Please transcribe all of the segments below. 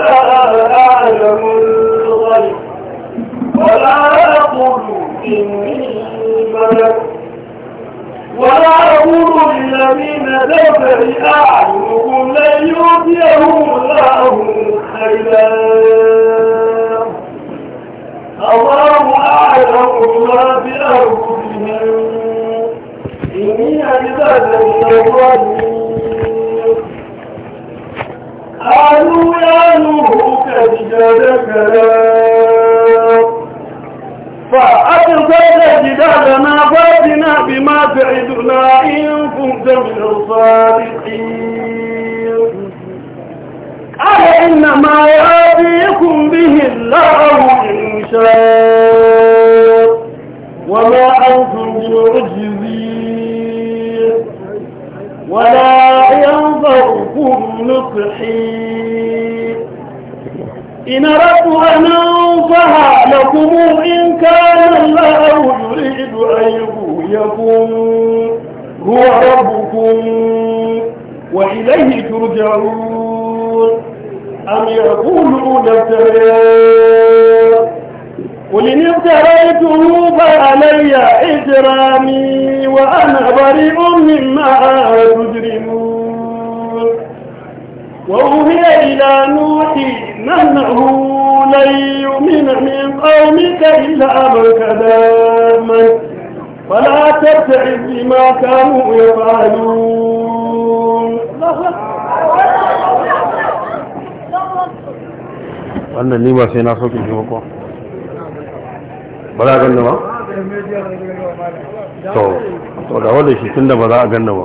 أعلم الغيب ولا أقول إني ملك ولا أقول الذين تبعي أعلمهم لن يؤتيهم الله خيرا الله أعلم ما بأرضهم إني عباد الله قالوا يا نوح قد جادك فأدخل جدالنا فاتنا بما تعدنا إن كنت من الصادقين قال إنما يأتيكم به الله إن شاء وما أنتم بمعجزين ولا مصلحين إن ربك أن لكم إن كان الله يريد أن يغويكم هو ربكم وإليه ترجعون أم يقولون افتراه قل إن ابتليته فعلي إجرامي وأنا بريء مما تجرمون وأوهي إلى نوح نمنعه لن يؤمن من قومك إلا من كذاب ولا تبتعد بما كانوا يفعلون wannan ne ba sai na sauke shi ba ba za a ganna ba? to da wadda shi tun da ba za a ganna ba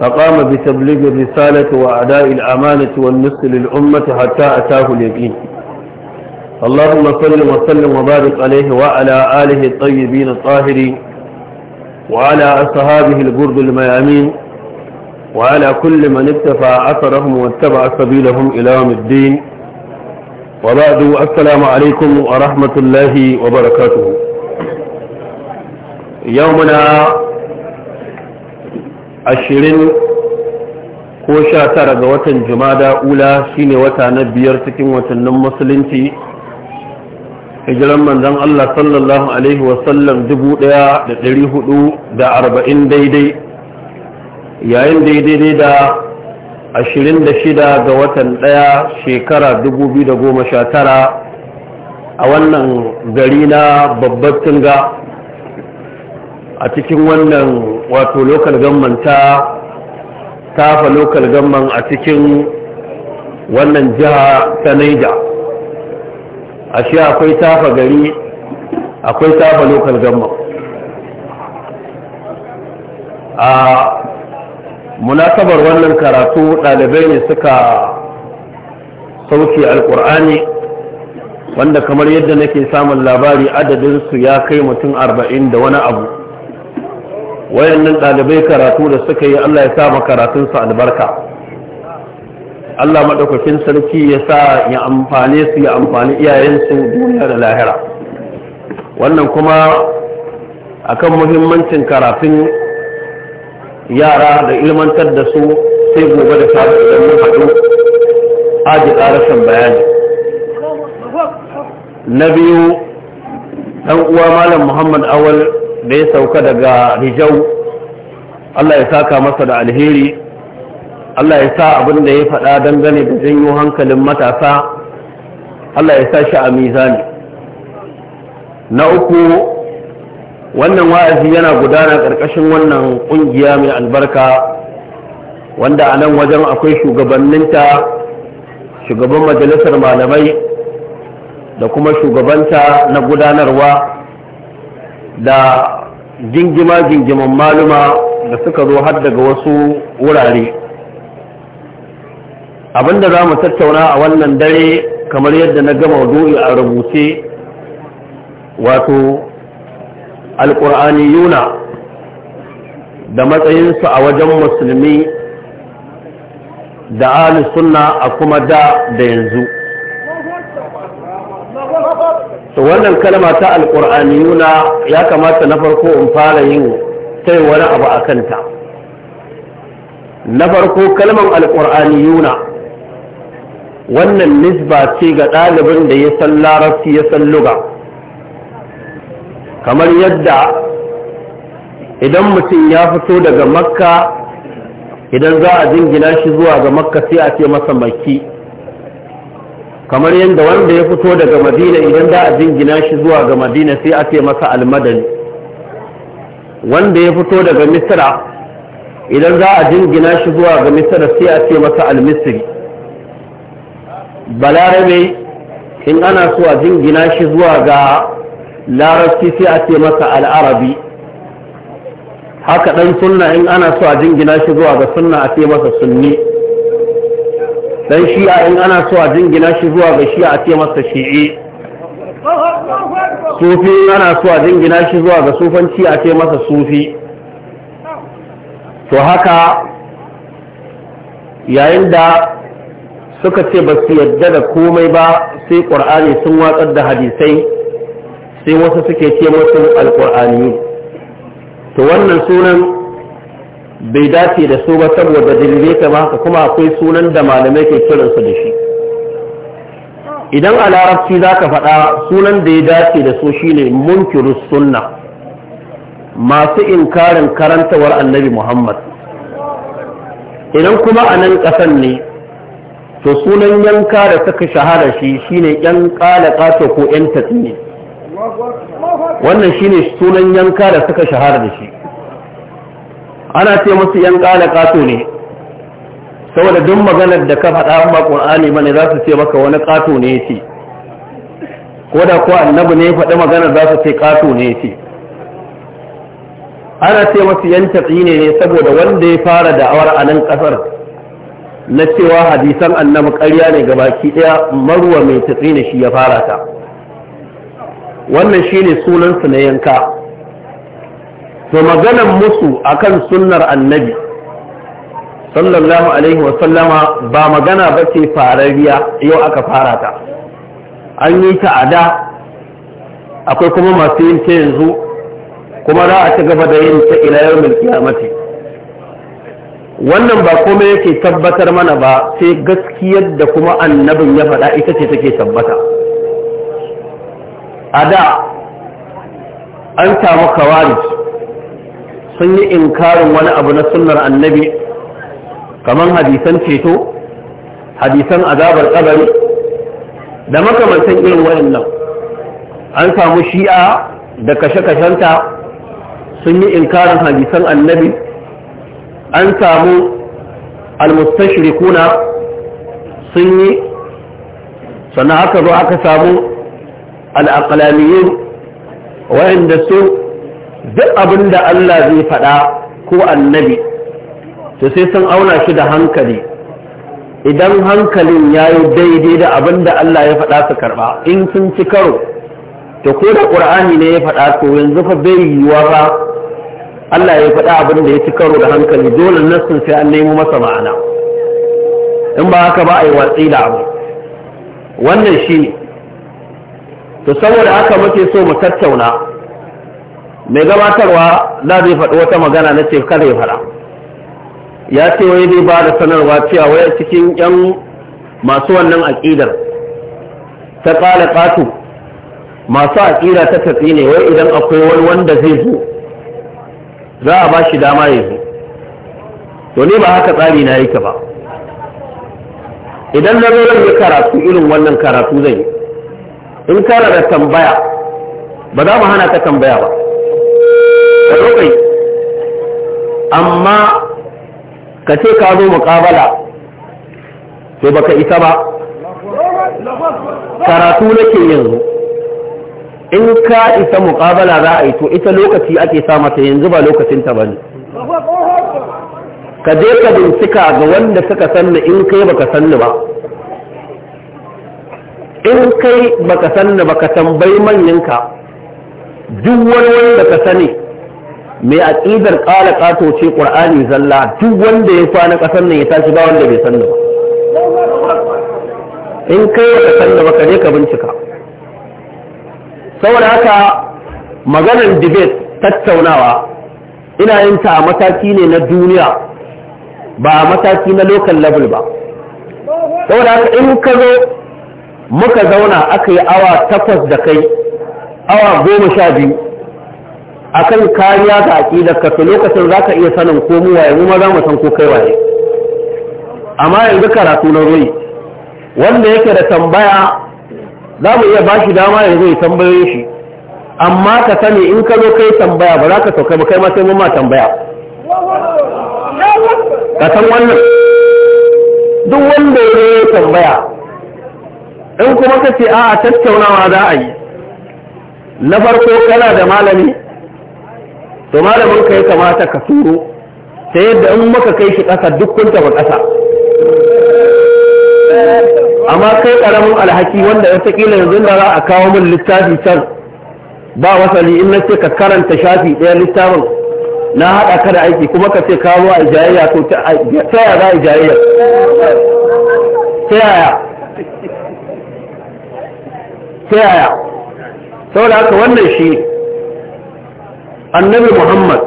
فقام بتبليغ الرسالة وأداء الأمانة والنصر للأمة حتى أتاه اليقين اللهم صل وسلم وبارك عليه وعلى آله الطيبين الطاهرين وعلى أصحابه البرد الميامين وعلى كل من اتفع أثرهم واتبع سبيلهم إلى يوم الدين وبعد السلام عليكم ورحمة الله وبركاته يومنا ashirin ko sha tara ga watan jumada ula shine wata na biyar cikin watannin musulunci hijiran manzon Allah sallallahu alaihi Sallam dubu ɗaya da dari hudu da arba'in daidai yayin daidai da ashirin da shida ga watan ɗaya shekara dubu biyu da goma sha tara a wannan gari na babbar tunga a cikin wannan wato local gamman ta tafa local gamman a cikin wannan jiha ta naija a shi akwai tafa gari akwai tafa local gamman a munasabar wannan karatu ɗalibai ne suka sauke Alƙur'ani, wanda kamar yadda nake samun labari adadinsu ya kai mutum arba'in da wani abu wayannan ɗalibai karatu da suka yi Allah ya sa karatun su albarka Allah madaukakin sarki ya sa ya amfane su ya amfani iyayensu duniya da lahira wannan kuma akan muhimmancin karatun yara da ilmantar da su sai gobe da safe hadu, mun haɗu aji bayani na biyu ɗan uwa malam muhammad awal da ya sauka daga Rijau? Allah ya saka masa da alheri Allah ya sa abin da ya faɗa dangane da janyo hankalin matasa Allah ya sa shi a mizani na uku wannan wa'azi yana gudana ƙarƙashin wannan ƙungiya mai albarka wanda a nan wajen akwai shugabanninta shugaban majalisar malamai da kuma shugabanta na gudanarwa da gingima gingiman maluma da suka zo har daga wasu wurare abinda za mu tattauna a wannan dare kamar yadda na gama du'i a rubuce wato alƙur'ani yuna da matsayinsu a wajen musulmi da ahli sunna a kuma da da yanzu to wannan kalma ta alƙur'aniyuna ya kamata na farko in fara yin sai wani abu a kanta na farko kalman alƙur'aniyuna wannan nisba ce ga ɗalibin da ya san larabci ya san luga kamar yadda idan mutum ya fito daga makka idan za a jingina shi zuwa ga makka sai a ce masa makki kamar yadda wanda ya fito daga madina idan da a jingina shi zuwa ga madina sai a ce masa almadani wanda ya fito daga misra idan za a jingina shi zuwa ga misra sai a ce masa almisri balarabe in ana so a jingina shi zuwa ga larabci sai a ce masa al'arabi haka ɗan sunna in ana so a jingina shi zuwa ga sunna a ce masa sunni dan shi'a in ana so a jingina shi zuwa ga shi'a a ce masa shi'i sufi in ana so a jingina shi zuwa ga sufanci a ce masa sufi to haka yayin da suka ce ba su yadda da komai ba sai ƙur'ani sun watsar da hadisai sai wasu suke ce masu alƙur'ani to wannan sunan bai dace da su ba saboda dalilai kamar haka kuma akwai sunan da malamai ke kiransu da shi idan a larabci za ka faɗa sunan da ya dace da su shine munkirus sunna masu inkarin karantawar annabi muhammad idan kuma a nan ƙasan ne to sunan yanka da suka shahara shi shine yan ƙalaƙato ko yan tatsini wannan shine sunan yanka da suka shahara da shi ana ce musu yan kala ƙato ne saboda duk maganar da ka faɗa an ba ƙur'ani bane za su ce maka wani ƙato ne ce ko da ko annabi ne faɗi maganar za su ce ƙato ne ce ana ce musu yan tsine ne saboda wanda ya fara da'awar a nan ƙasar na cewa hadisan annabi ƙarya ne ga baki ɗaya marwa mai tatsine shi ya fara ta wannan shine su na yanka to maganan musu akan sunnar annabi sallallahu alaihi wa sallama ba magana ba ce farariya yau aka fara ta an yi ta a da akwai kuma masu yin ta yanzu kuma za a ci gaba da yin ta ila yau milkiyamati wannan ba kome yake tabbatar mana ba sai gaskiyar da kuma annabin ya faɗa ita ce take tabbata a da an samu kawarici sun yi inkarin wani abu na sunnar annabi kamar hadisan ceto hadisan azabar kabari da makamantan irin wayannan an samu shi'a da kashe-kashenta sun yi inkarin hadisan annabi an samu almustashirikuna sun yi sannan aka zo aka samu al'akalamiyin wayanda su duk abin da Allah zai faɗa ko annabi to sai sun auna shi da hankali idan hankalin ya yi daidai da abin da Allah ya faɗa su karɓa in sun ci karo to ko da ƙur'ani ne ya faɗa to yanzu fa bai yiwuwa ba Allah ya faɗa abin da ya ci karo da hankali dole nassin sai an nemo masa ma'ana in ba haka ba a yi watsi da abu wannan shi ne to saboda haka muke so mu tattauna mai gabatarwa da zai faɗi wata magana na ce kare fara ya ce wai zai ba da sanarwa cewa wai cikin yan masu wannan aƙidar ta ƙala ƙatu masu aƙida ta tafi ne wai idan akwai wani wanda zai zo za a ba shi dama ya zo to ne ba haka tsari na yake ba idan na zo zan yi karatu irin wannan karatu zai yi in kara da tambaya ba za mu hana ta tambaya ba amma ka ce ka zo muƙabala to baka isa ba karatu nake yanzu in ka isa muƙabala za a yi to ita lokaci ake sa mata yanzu ba lokacin ta bane ka je ka bincika ga wanda suka sanna in kai baka sanna ba in kai baka sanna baka tambayi manyanka duk wani wanda ka sani mai aqidar qala ƙato ce qur'ani zalla duk wanda ya na ƙasar nan ya tashi ba wanda bai sanna ba in kai ka sanna ba ka je ka bincika saboda haka maganar debate tattaunawa ina yin ta a mataki ne na duniya ba a mataki na local level ba saboda haka in ka zo muka zauna aka yi awa takwas da kai awa goma sha biyu akan kariya ga aqidar ka to lokacin ka iya sanin ko mu waye mu ma za mu san ko kai waye amma yanzu karatu na zoyi wanda yake da tambaya za mu iya bashi dama yanzu ya tambaye shi amma ka sani in ka zo kai tambaya ba za ka sauka ba kai ma sai ma tambaya ka san wannan duk wanda ya yi tambaya in kuma ka ce a tattaunawa za a yi na farko kana da malami to malamin ka ya kamata ka turo ta yadda in maka kai shi ƙasa duk kun taɓa ƙasa amma kai ƙaramin alhaki wanda wataƙila yanzu da za a kawo min littafi can ba wasali in na ce ka karanta shafi ɗaya littafin na haɗa ka da aiki kuma ka ce kawo a jayayya to ta yaya za a jayayya ta yaya ta yaya saboda haka wannan shi annabi muhammad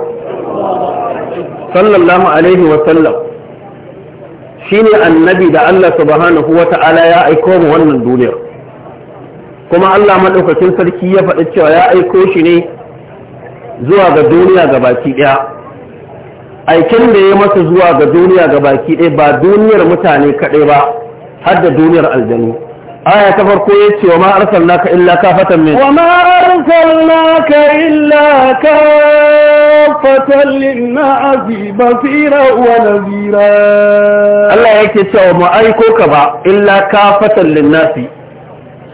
sallallahu alaihi wasallam shi ne annabi da allah subhanahu wa ta'ala ya aiko mu wannan duniyar kuma allah maɗaukakin sarki ya faɗi cewa ya aiko shi ne zuwa ga duniya ga baki ɗaya aikin da ya masa zuwa ga duniya ga baki ɗaya ba duniyar mutane kaɗai ba har da duniyar aljanu aya ta farko ya ce wa ma naka illa kafatan min wa ma naka illa kafatan lin na'azi basira wa Nazira. Allah yake cewa mu aiko ka ba illa kafatan lin-nasi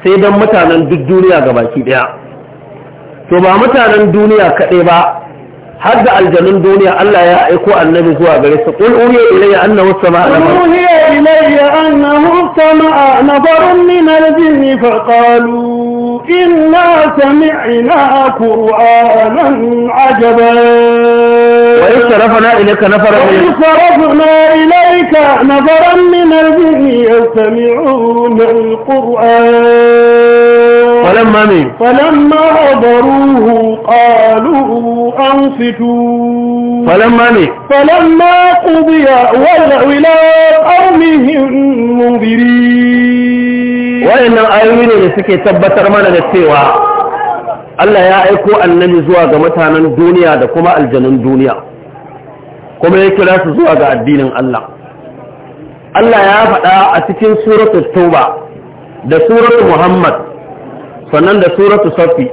sai dan mutanen duk duniya gabaki daya to ba mutanen duniya kaɗai ba har da aljanun duniya Allah ya aiko annabi zuwa gare su qul uhiya ilayya annahu sama'a nafarun uhiya ilayya annahu sama'a nafarun min al-jinn fa qalu إنا سمعنا قرآنا عجبا وإذ صرفنا إليك نفرا إليك نفرا من الجن يستمعون القرآن فلما فلما حضروه قالوا أنصتوا فلما فلما قضي ولوا إلى قومهم منذرين wayannan ayoyi ne da suke tabbatar mana da cewa Allah ya aiko annabi zuwa ga mutanen duniya da kuma aljanun duniya kuma ya kira su zuwa ga addinin Allah Allah ya faɗa a cikin suratul Tauba da suratul Muhammad sannan da suratul Safi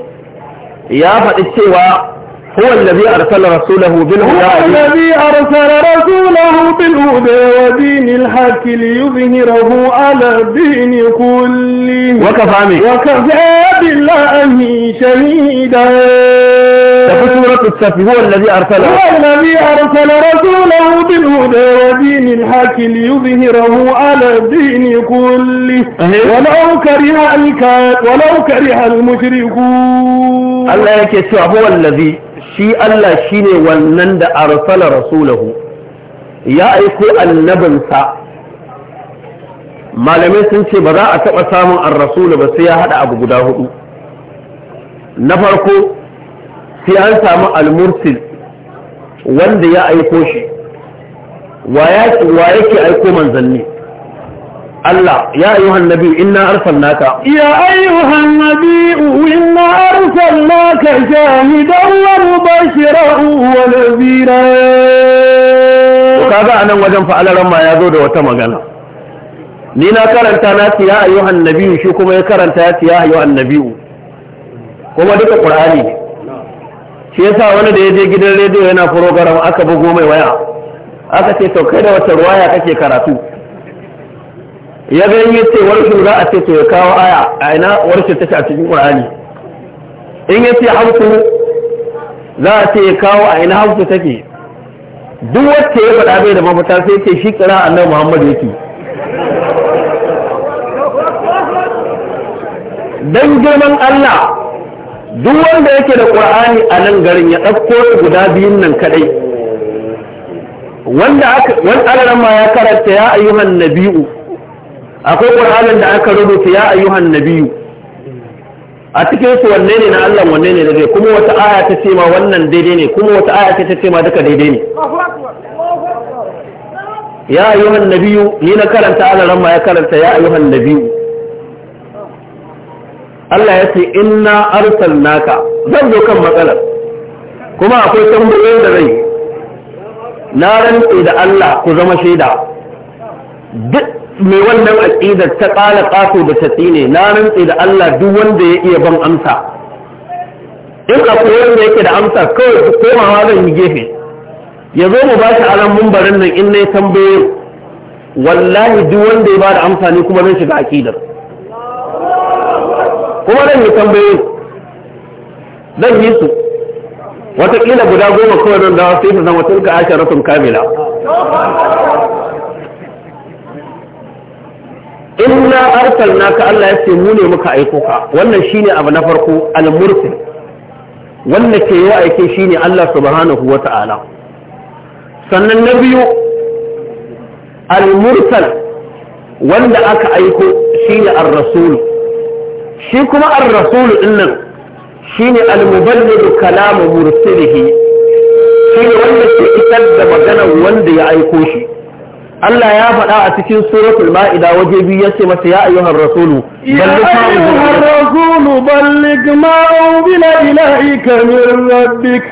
ya faɗi cewa هو الذي أرسل رسوله بالهدى هو الذي أرسل رسوله بالهدى ودين الحق ليظهره على الدين كله وكفى وكفى بالله شهيدا تقول سورة السفي هو الذي أرسل هو الذي أرسل رسوله بالهدى ودين الحق ليظهره على الدين كله ولو كره الكافر ولو كره المشركون الله يكتب هو الذي shi Allah shine wannan da arsala rasulahu ya aiko annabinsa malamai sun ce ba za a taɓa samun ar-rasulu ba sai ya haɗa abu guda hudu na farko sai an samu al-mursil wanda ya aiko shi wa yake aiko manzanni Allah ya ayyuhan nabi inna arsalnaka ya ayyuhan nabi inna arsalnaka shahidan wa mubashiran wa nadhira kaga anan wajen fa'alaran ma ya zo da wata magana ni na karanta na ce ya ayyuhan nabi shi kuma ya karanta ya ce ya ayyuhan kuma duka ƙur'ani shi shi yasa wani da ya je gidan rediyo yana program aka bugo mai waya aka ce to kai da wata ruwaya kake karatu ya ga yi ce warshin za a ce to ya kawo aya a ina warshin ta a cikin qur'ani in ya ce hamsu za a ce ya kawo a ina hamsu take duk wacce ya faɗa bai da mafita sai ce shi kira annabi muhammadu ke. Don girman Allah duk wanda yake da Qur'ani a nan garin ya ɗauko guda biyun nan kaɗai. wanda aka wani alaran ma ya karanta ya ayyuhan nabi'u akwai ƙur'anin da aka rubuta ya ayyuhan nabiyu a cikin su wanne ne na Allah wanne ne daidai kuma wata aya ta ce ma wannan daidai ne kuma wata aya ta ce ma duka daidai ne ya ayyuhan nabiyu ni na karanta alaran ma ya karanta ya ayyuhan nabiyu Allah ya ce inna arsalnaka zan zo kan matsalar kuma akwai tambayoyin da zai na rantse da Allah ku zama shaida duk mai wannan aƙidar ta ƙala ƙato da ta tsine na rantse da Allah duk wanda ya iya ban amsa in akwai wanda yake da amsa kawai ku komawa zan yi gefe ya zo mu ba shi aran mumbarin nan in na yi tambaye wallahi duk wanda ya ba da amsa ne kuma zan shiga aƙidar kuma zan yi tambaye zan yi su Wataƙila guda goma kawai nan da sai ta zama tilka ashiratun kamila inna naka, Allah ya ce mu ne muka aiko ka wannan shine abu na farko al-mursil wanda ke yi aike shine Allah subhanahu ta'ala. sannan na biyu al-mursal wanda aka aiko shine ar-rasul shi kuma ar-rasul dinnan shine al-muballigh kalam mursilihi shine wanda ke isar da maganar wanda ya aiko shi Allah ya faɗa a cikin suratul ma'ida waje biyu ya ce mata ya ayyuhar rasulu ballig ma unzila ilayka من ربك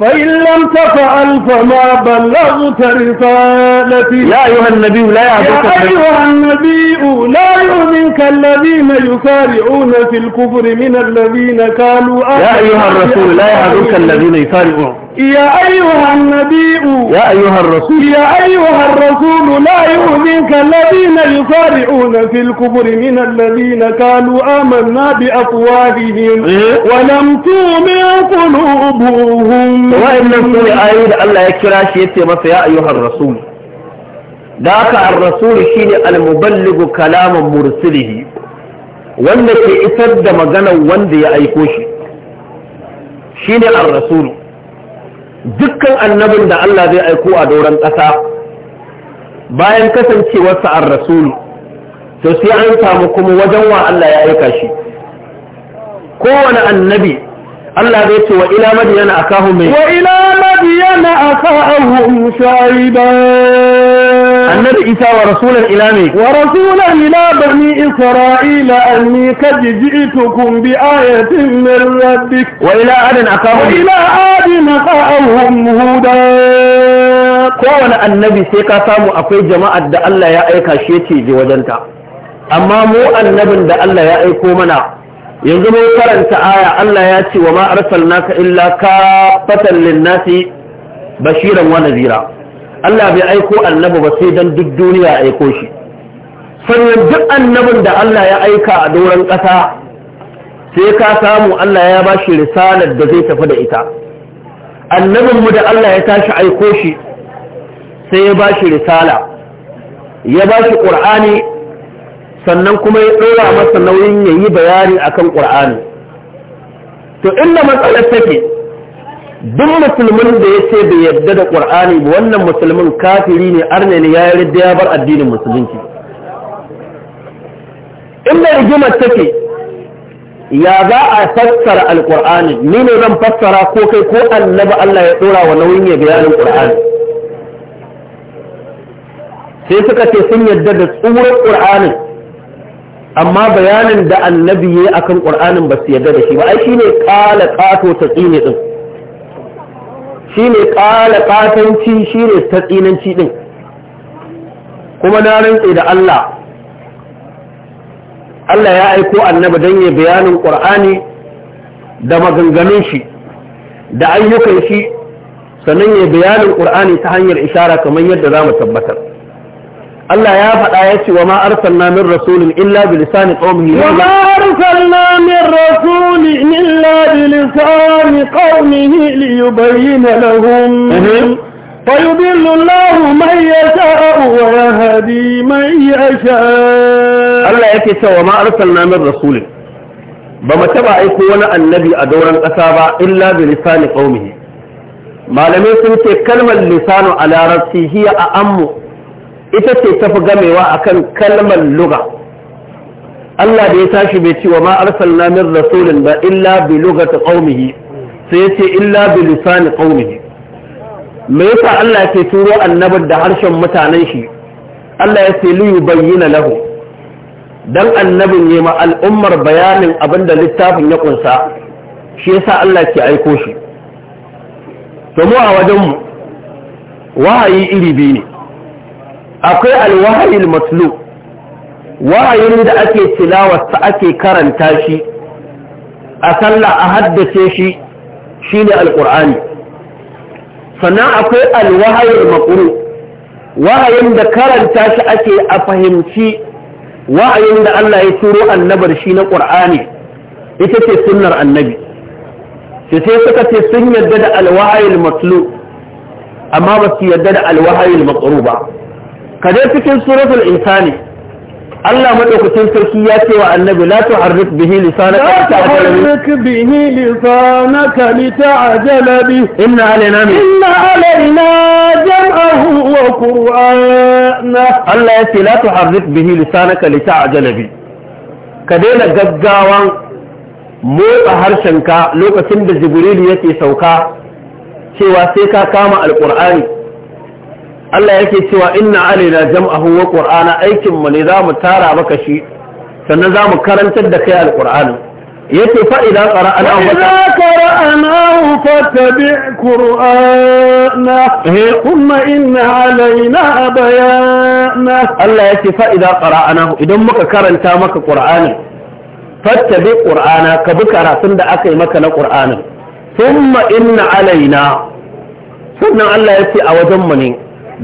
فإن لم تفعل فما بلغت رسالتي يا أيها النبي لا يعذبك يا أيها النبي لا يؤمنك الذين يسارعون في الكفر من الذين قالوا يا أيها الرسول لا يعذبك الذين يسارعون يا أيها النبي يا أيها الرسول يا أيها الرسول لا يؤذنك الذين يصارعون في الكبر من الذين كانوا آمنا بأفواههم إيه؟ ولم تؤمن قلوبهم وإن سوري آية الله يكرا شيء مثل يا أيها الرسول ذاك الرسول شيء المبلغ كلام مرسله وانك ke isar da maganar wanda ya الرسول dukkan annabin da Allah zai aiko a doron ƙasa bayan kasancewarsa an rasulu to sai an samu kuma wajen wa Allah ya aika shi kowane annabi Allah zai ce wa ila madiyana akahum mai wa ila madiyana akahum shaiban النبي إيسى ورسولا إلى مي ورسولا إلى بني إسرائيل أني قد جئتكم بآية من ربك وإلى عاد أخاهم وإلى عاد أخاهم هودا kowane annabi sai ka samu akwai jama'ar da Allah ya aika shi ce je wajenta amma mu annabin da Allah ya aiko mana yanzu mun karanta aya Allah ya ce wa ma arsalnaka illa kafatan lin-nasi bashiran wa nadhira Allah bai aiko annabi ba sai dan duk duniya aiko shi sannan duk annabin da Allah ya aika a doron ƙasa sai ka samu Allah ya bashi risalar da zai tafi da ita annabin mu da Allah ya tashi aiko shi sai ya bashi risala ya bashi qur'ani sannan kuma ya ɗora masa nauyin ya yi bayani a kan ƙur'ani to inda matsalar take duk musulmin da ya ce bai yadda da ƙur'ani wannan musulmin kafiri ne arne ne ya yi ya bar addinin musulunci inda rigimar take ya za a fassara alƙur'ani ni ne zan fassara ko kai ko annaba Allah ya ɗora wa nauyin ya bayanin ƙur'ani sai suka ce sun yadda da tsuwar ƙur'anin amma bayanin da annabi yayi akan qur'anin ba su yarda da shi ba ai shine qala qato taqini din shine qala qatanci shine tsinanci din kuma na rantse da Allah Allah ya aiko annabi dan ya bayanin qur'ani da maganganun shi da ayyukan shi sannan ya bayanin qur'ani ta hanyar ishara kamar yadda za mu tabbatar Allah ya faɗa ya ce wa ma arsalna min rasulin illa bi lisani qaumihi wa ma arsalna min rasulin illa bi lisani qaumihi li yubayyana lahum فيضل الله من يشاء ويهدي من يشاء الله yake cewa ma arsalna min rasul ba mu taba aiko wani annabi a dauran ƙasa ba illa bi lisani qaumihi malamai sun ce kalmar lisanu a a ammu ita ce fi gamewa a kan kalmar luga Allah da ya tashi bai ce wa ma rasulin ba illa bi lugati qaumihi sai ya ce illa bi lisani qaumihi me yasa Allah ke turo annabin da harshen mutanen shi Allah ya ce li yubayyana lahu dan annabin ne ma al'ummar bayanin abin da littafin ya kunsa shi yasa Allah ke aiko shi to mu a wajen mu wahayi iri biyu ne akwai alwahayil matlu wahayin da ake tilawarsa ake karanta shi a sallah a haddace shi ne Alƙur'ani. sannan akwai alwahayil maqru wahayin da karanta shi ake a fahimci wahayin da Allah ya turo annabar shi na ƙur'ani, ita ce sunnar annabi sai sai suka ce sun yadda da alwahayil matlu amma ba su yadda da alwahayil makuru ba kaje cikin suratul insani Allah madaukakin sarki ya ce wa annabi la tuharrik bihi lisanaka tuharrik bihi lisanaka lita'jala bi inna alaina min inna alaina jam'ahu wa qur'ana Allah ya ce la tuharrik bihi lisanaka lita'jala bi ka daina gaggawan motsa harshenka lokacin da jibril yake sauka cewa sai ka kama alqur'ani Allah yake cewa inna alaina jam'ahu wa qur'ana aikin mu ne mu tara maka shi sannan za mu karantar da kai alqur'ani yace fa idza qara'ana wa idza qara'ana fattabi' qur'ana eh. thumma inna alaina bayana Allah yace fa idza qara'ana idan muka karanta maka qur'ani fattabi qur'ana ka bi karatun da aka yi maka na qur'anin thumma inna alaina sannan Allah yace a wajen mu ne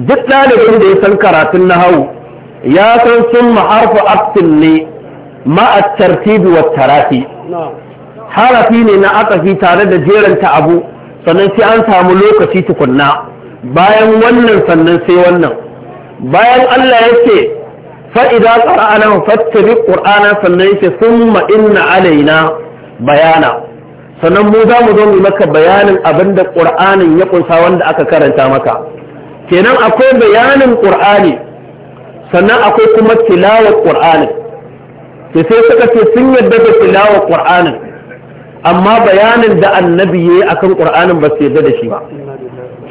duk ɗalibin da ya san karatun nahawu ya san sun harfu aftin ne ma'a tartibi wa tarafi harafi ne na akafi tare da jeranta abu sannan sai an samu lokaci tukunna bayan wannan sannan sai wannan bayan Allah ya ce fa'ida ƙara'ana fattari ƙur'ana sannan ya ce sun ma'inna alaina bayana sannan mu za mu zo mu maka bayanin abinda ƙur'anin ya ƙunsa wanda aka karanta maka kenan akwai bayanin qur'ani sannan akwai kuma tilawar qur'ani sai sai suka ce sun yadda da tilawar qur'anin amma bayanin da annabi yayi akan qur'anin ba su yadda da shi ba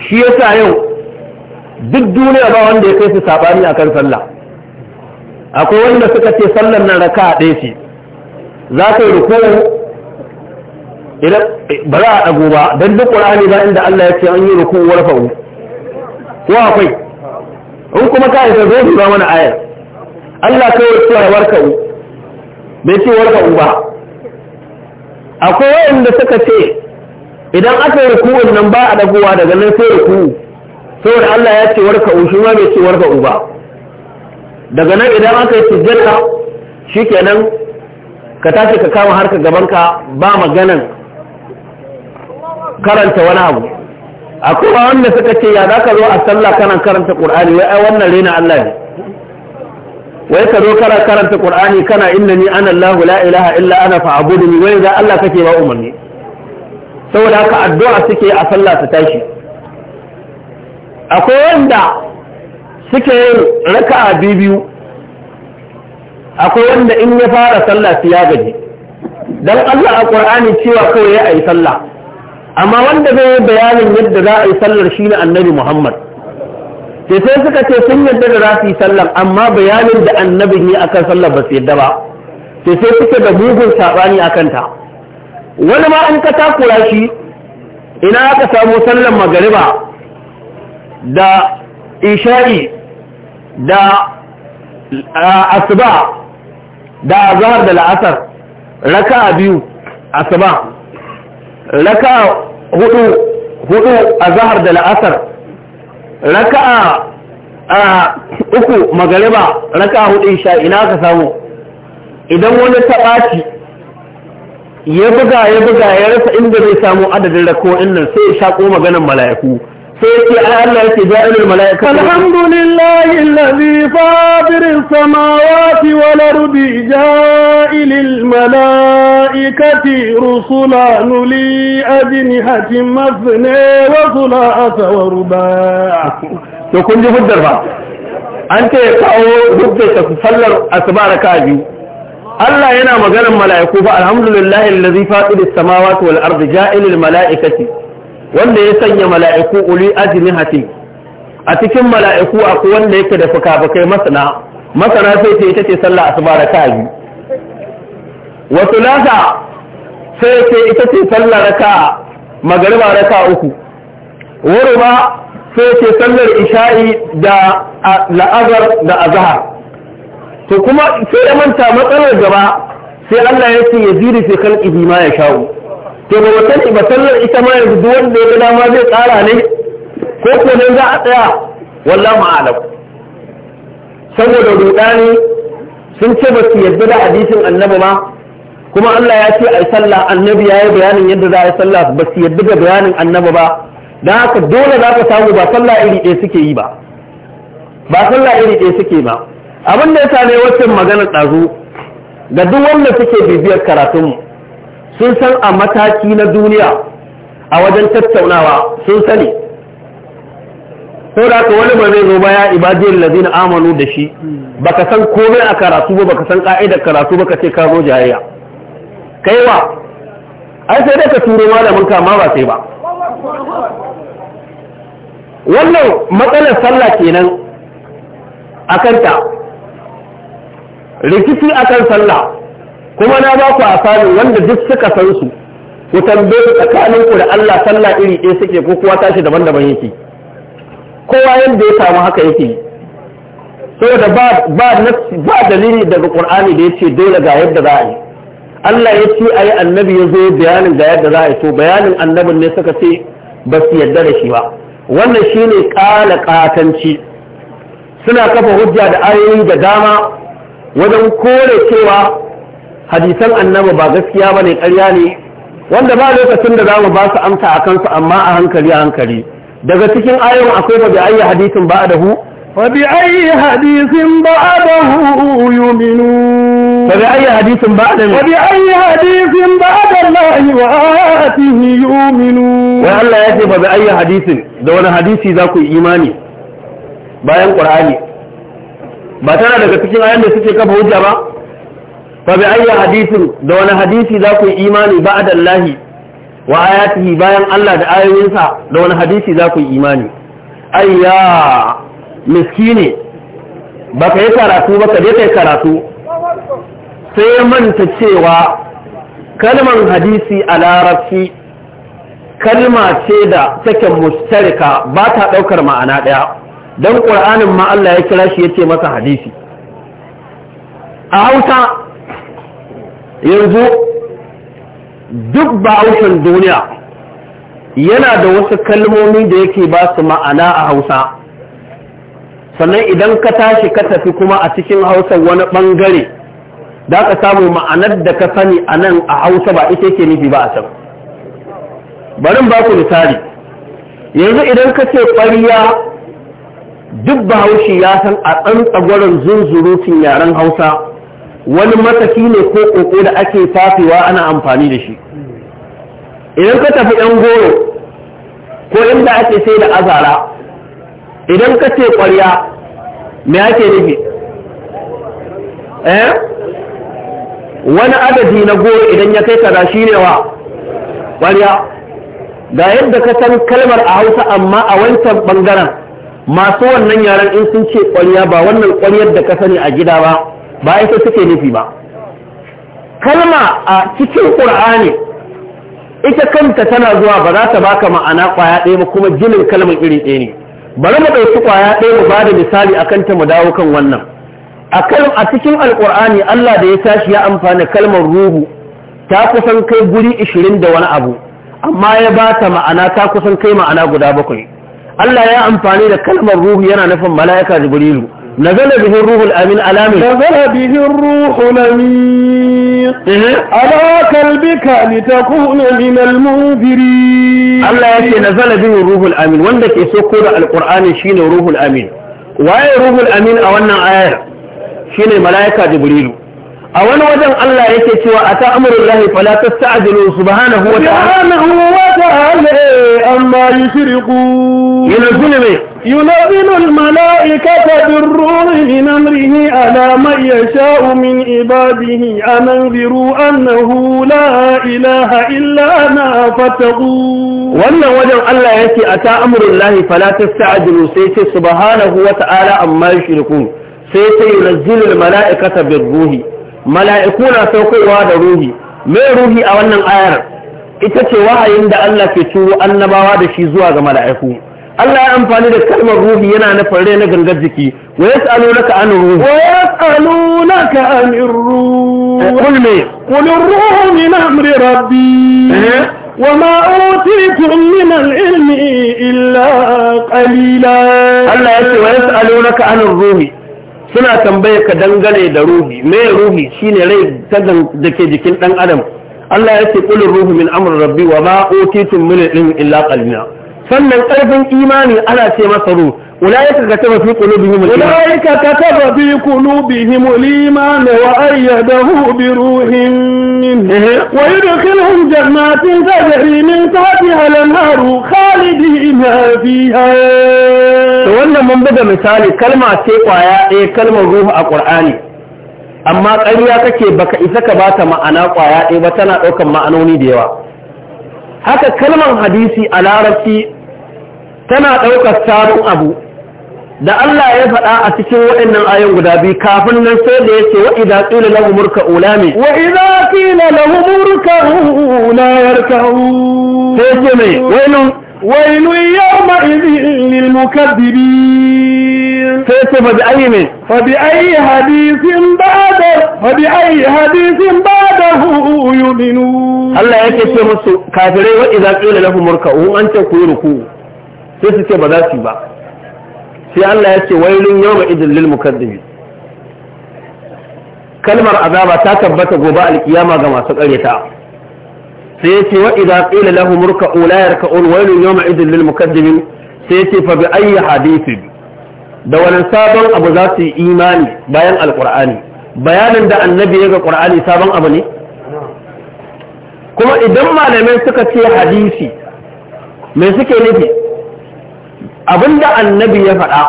shi yasa yau duk duniya ba wanda ya kai su sabani akan sallah akwai wanda suka ce sallar nan raka ɗaya ce za ka yi ba za a ɗago ba don duk ƙur'ani ba inda Allah ya ce an yi ruku wa ko akwai in kuma ka isa zo ba mana ayar Allah kawai warka warka'u bai ce u ba akwai waɗanda suka ce idan aka yi wannan nan ba a dagowa daga nan sai ruku'u saboda Allah ya ce u shi ma bai ce u ba daga nan idan aka yi shi shikenan ka tashi ka kama harka gaban ka ba maganan karanta wani abu akwai wanda suka ce ya za ka zo a sallah kana karanta qur'ani wai ai wannan rena Allah ne wai ka zo kana karanta qur'ani kana innani ana Allah la ilaha illa ana fa'budni wai da Allah kake ba umarni saboda haka addu'a suke a sallah ta tashi akwai wanda suke yin raka'a biyu akwai wanda in ya fara sallah su ya gaji dan Allah a qur'ani cewa kawai ya ayi sallah amma wanda zai yi bayanin yadda za a yi sallar shi ne annabi muhammad sai sai suka ce sun yadda da za su yi sallar amma bayanin da annabi ne akan sallar ba su yadda ba sai sai suke da mugun saɓani a kanta wani ma in ka takura shi ina aka samu sallar magariba da isha'i da asuba da azhar da la'asar raka biyu asuba raka'a hudu hudu a zahar da la'asar raka'a a uku magariba raka'a hudu isha ina ka samu idan wani taɓaci ya buga ya buga ya rasa inda zai samu adadin rako nan sai ya shaƙo maganin mala'iku سيكي أهلا جائل الملائكة الحمد لله الذي فاطر السماوات والأرض جائل الملائكة رسلا نلي أجنحة مثنى وثلاث ورباع to kun ji huddar ba an ce ya kawo huddar ta sallar asuba da ka biyu Allah yana maganar mala'iku fa alhamdulillahi allazi fatidis samawati wal ardi ja'ilil malaikati wanda ya sanya mala'iku uli hati a cikin mala'iku aku wanda yake da fuka-fukai masana masana sai ce ita ce sallah asuba da ta biyu sai ce ita ce sallah raka magariba raka uku wuri ba sai ce sallar isha'i da la'azar da zahar to kuma sai ya manta matsalar gaba sai Allah ya ce ya jiri fi khalqihi ma ya sha'u to ba wata ba sallar ita ma yanzu duk wanda ya dama zai tsara ne ko ko nan za a tsaya wallahu a'lam saboda rudani sun ce ba su yadda da hadisin annabi ba kuma Allah ya ce ai sallah annabi ya yi bayanin yadda za a yi sallah ba su yadda da bayanin annabi ba dan haka dole za ka samu ba sallah iri ɗaya suke yi ba ba sallah iri ɗaya suke ba abin da ya sa ne wacce maganar ɗazu ga duk wanda suke bibiyar karatunmu sun san a mataki na duniya a wajen tattaunawa sun sani ko ka wani ba zai zo baya ibadiyar lazi na amanu da shi baka san komai a karatu ba baka san ka'ida karatu baka ce ka zo jayayya wa, ai sai dai ka turo malamin ka ma ba sai ba wannan matsalar sallah kenan a kanta rikici akan sallah kuma na ba ku asalin wanda duk suka san su ku tambaye tsakanin ku da Allah sallah iri ɗaya suke ko kuwa tashi daban-daban yake kowa yanda ya samu haka yake saboda ba ba ba dalili daga Qur'ani da yace dole ga yadda za a yi Allah ya ce ayi annabi ya zo bayanin ga yadda za a yi to bayanin annabin ne suka ce ba su yarda da shi ba wannan shine kala katanci suna kafa hujja da ayoyi da dama wajen kore cewa hadisan annaba ba gaskiya ba ne ƙarya ne wanda ba lokacin da za mu ba su amsa a kansu amma a hankali a hankali daga cikin ayon akwai ba bi ayyi hadisin ba da hu fa bi ayyi hadisin ba da hu yuminu fa bi ayyi hadisin ba da fa bi ayyi hadisin ba da Allah wa atihi yuminu wai Allah ya ce ba bi ayyi hadisin da wani hadisi za ku yi imani bayan Qur'ani ba tana daga cikin ayan da suke kafa hujja ba fa bi hadisin hadithin da wani hadisi za ku yi imani ba'da Allah wa ayatihi bayan Allah da ayoyinsa da wani hadisi za ku yi imani ayya miskine ka yi karatu ba ka je kai karatu sai ya manta cewa kalman hadisi a larabci kalma ce da take mustarika ba ta ɗaukar ma'ana ɗaya don ƙur'anin ma Allah ya kira shi ya ce masa hadisi a hausa yanzu duk bahaushen duniya yana da wasu kalmomi da yake ba su ma'ana a hausa sannan idan ka tashi ka tafi kuma a cikin hausa wani bangare da ka samu ma'anar da ka sani a nan a hausa ba ita ke nufi ba a can barin ba ku misali yanzu idan ka ce ƙwariya duk bahaushe ya san a tsantsa gwarin zunzurutun yaren hausa wani mataki ne ko koko da ake tafiwa ana amfani da shi idan ka tafi ɗan goro ko inda ake sai da azara idan ka ce ƙwarya me ake nufi eh wani adadi na goro idan ya kai kaza shi ne wa ƙwarya ga yadda ka san kalmar a hausa amma a wancan ɓangaren masu wannan yaren in sun ce ƙwarya ba wannan ƙwaryar da ka sani a gida ba ba ita suke nufi ba kalma a cikin qur'ani ita kanta tana zuwa ba za ta baka ma'ana kwaya ɗaya ba kuma jinin kalmar iri ɗaya ne bari mu ɗauki kwaya ɗaya mu bada misali a ta mu dawo kan wannan a cikin alqur'ani Allah da ya tashi ya amfani kalmar ruhu ta kusan kai guri ishirin da wani abu amma ya ba ta ma'ana ta kusan kai ma'ana guda bakwai Allah ya amfani da kalmar ruhu yana nufin mala'ika jibrilu نزل به الروح الأمين على من نزل به الروح الأمين على قلبك لتكون من المنذرين الله يكي نزل به الروح الأمين وندك يسكر القرآن شين روح الأمين وأي روح الأمين أولنا آية شين ملائكة جبريل a wani wajen Allah yake cewa a ta'amurin lahi fala ta sta'ajilu subhanahu wa ta'ala amma almalaikata birruhi min amrihi ala man yasha'u min ibadihi an anziru annahu la ilaha illa ana fattaqu wannan wajen Allah yake a ta'amurin lahi fala ta sai ce subhanahu wa ta'ala amma yushriku sai ce yunzilu almalaikata birruhi mala'iku na saukowa da ruhi mai ruhi a wannan ayar ita ce wahayin da Allah ke turo annabawa da shi zuwa ga mala'iku Allah ya amfani da kalmar ruhi yana na rai na gangar jiki wa yas'alunaka an ruhi wa yas'alunaka an ruhi eh, qul me qul ruhu min amri rabbi eh? wa ma utitum min al-ilmi illa qalila Allah ya ce wa yas'alunaka an ruhi suna tambaye ka dangane da ruhi me ruhi shine rai da ke jikin dan adam Allah ya ce qul ruhu min amr rabbi wa ma utitum min illa qalina sannan karfin imani ana ce masa ruhu أولئك كتب في قلوبهم الإيمان أولئك كتب في قلوبهم الإيمان وأيده بروح منه ويدخلهم جنات تجري من تحتها الأنهار خالدين فيها wannan mun misali kalma ce kwaya ɗaya kalmar ruhu a ƙur'ani amma karya kake baka isa ka bata ma'ana kwaya ba tana ɗaukar ma'anoni da yawa haka kalmar hadisi a larabci tana ɗaukar sabon abu da Allah ya faɗa a cikin waɗannan ayon guda biyu kafin nan sai da yace wa idza qila lahum murka'u la mi wa idza qila lahum murka'u la yarka'u sai ce mai wailun wailun yawma idhin lil mukaththibin sai ce fa bi ayi ne fa bi ayi hadithin ba'da fa bi ayi hadithin ba'dahu yu'minu Allah yake ce musu kafirai wa idza qila lahum murka'u an ce ku yi ruku sai su ce ba za su ba sai Allah ya ce wailun yawma idil lil mukaddimin kalmar azaba ta tabbata gobe alkiyama ga masu ƙaryata sai ya ce wa idza qila lahum urka'u la yarka'un wailun yawma idil lil mukaddimin sai ya ce fa bi ayyi hadithin da wani sabon abu za su yi imani bayan alqur'ani bayanin da annabi ya ga qur'ani sabon abu ne kuma idan malamai suka ce hadisi me suke nufi Abin da annabi ya faɗa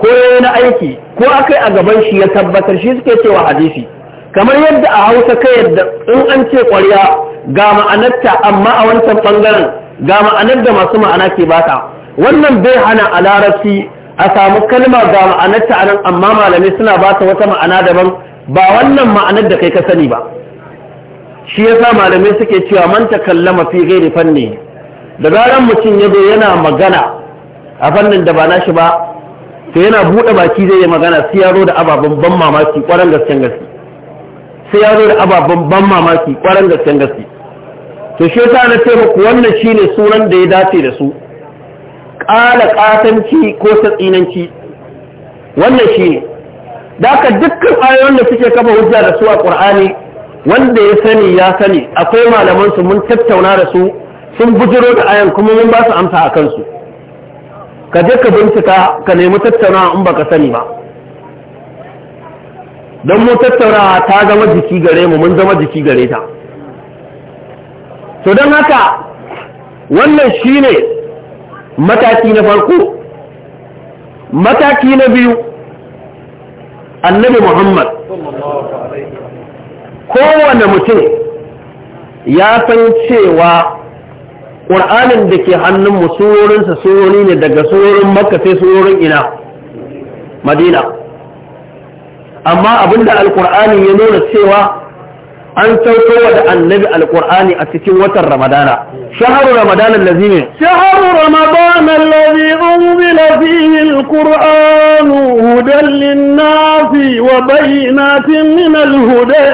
ko yayi na aiki ko akai a gaban shi ya tabbatar shi suke cewa hadisi kamar yadda a hausa ka yadda in an ce ƙwarya ga ma'anarta amma a wancan ɓangaren ga ma'anar da masu ma'ana ke bata wannan bai hana a larabci a samu kalma ga ma'anarta anan amma malamai suna bata wata ma'ana daban ba wannan ma'anar da kai ka sani ba shi yasa malamai suke cewa manta kallama fi ghairi fanni da zaran mutum ya zo yana magana a fannin da ba nashi ba sai yana buɗe baki zai yi magana sai ya zo da ababen ban mamaki ƙwarar gasken gaske sai ya zo da ababen ban mamaki ƙwarar gasken gaske to shi ta na taimaka wannan shi ne sunan da ya dace da su ƙala ƙatanci ko tsatsinanci wannan shi ne da aka dukkan ayoyin da suke kafa hujja da su a ƙur'ani wanda ya sani ya sani akwai malaman su mun tattauna da su sun bujiro da ayan kuma mun ba su amsa a kansu ka je ka bincika ka nemi tattaunawa in ba ka sani ba don mu tattara ta zama jiki gare mu mun zama jiki gare ta to don haka wannan shine mataki na farko mataki na biyu annabi muhammad kowane mutum ya san cewa ƙur'anin da ke hannunmu surorinsa surori ne daga surorin makka sai surorin ina madina amma abinda alƙur'ani ya nuna cewa an sauko wa da annabi alkur'ani a cikin watan ramadana shaharu ramadana lazi ne shaharu ramadana lazi unzila fihi alqur'an hudan linnasi wa bayyinatin min alhuda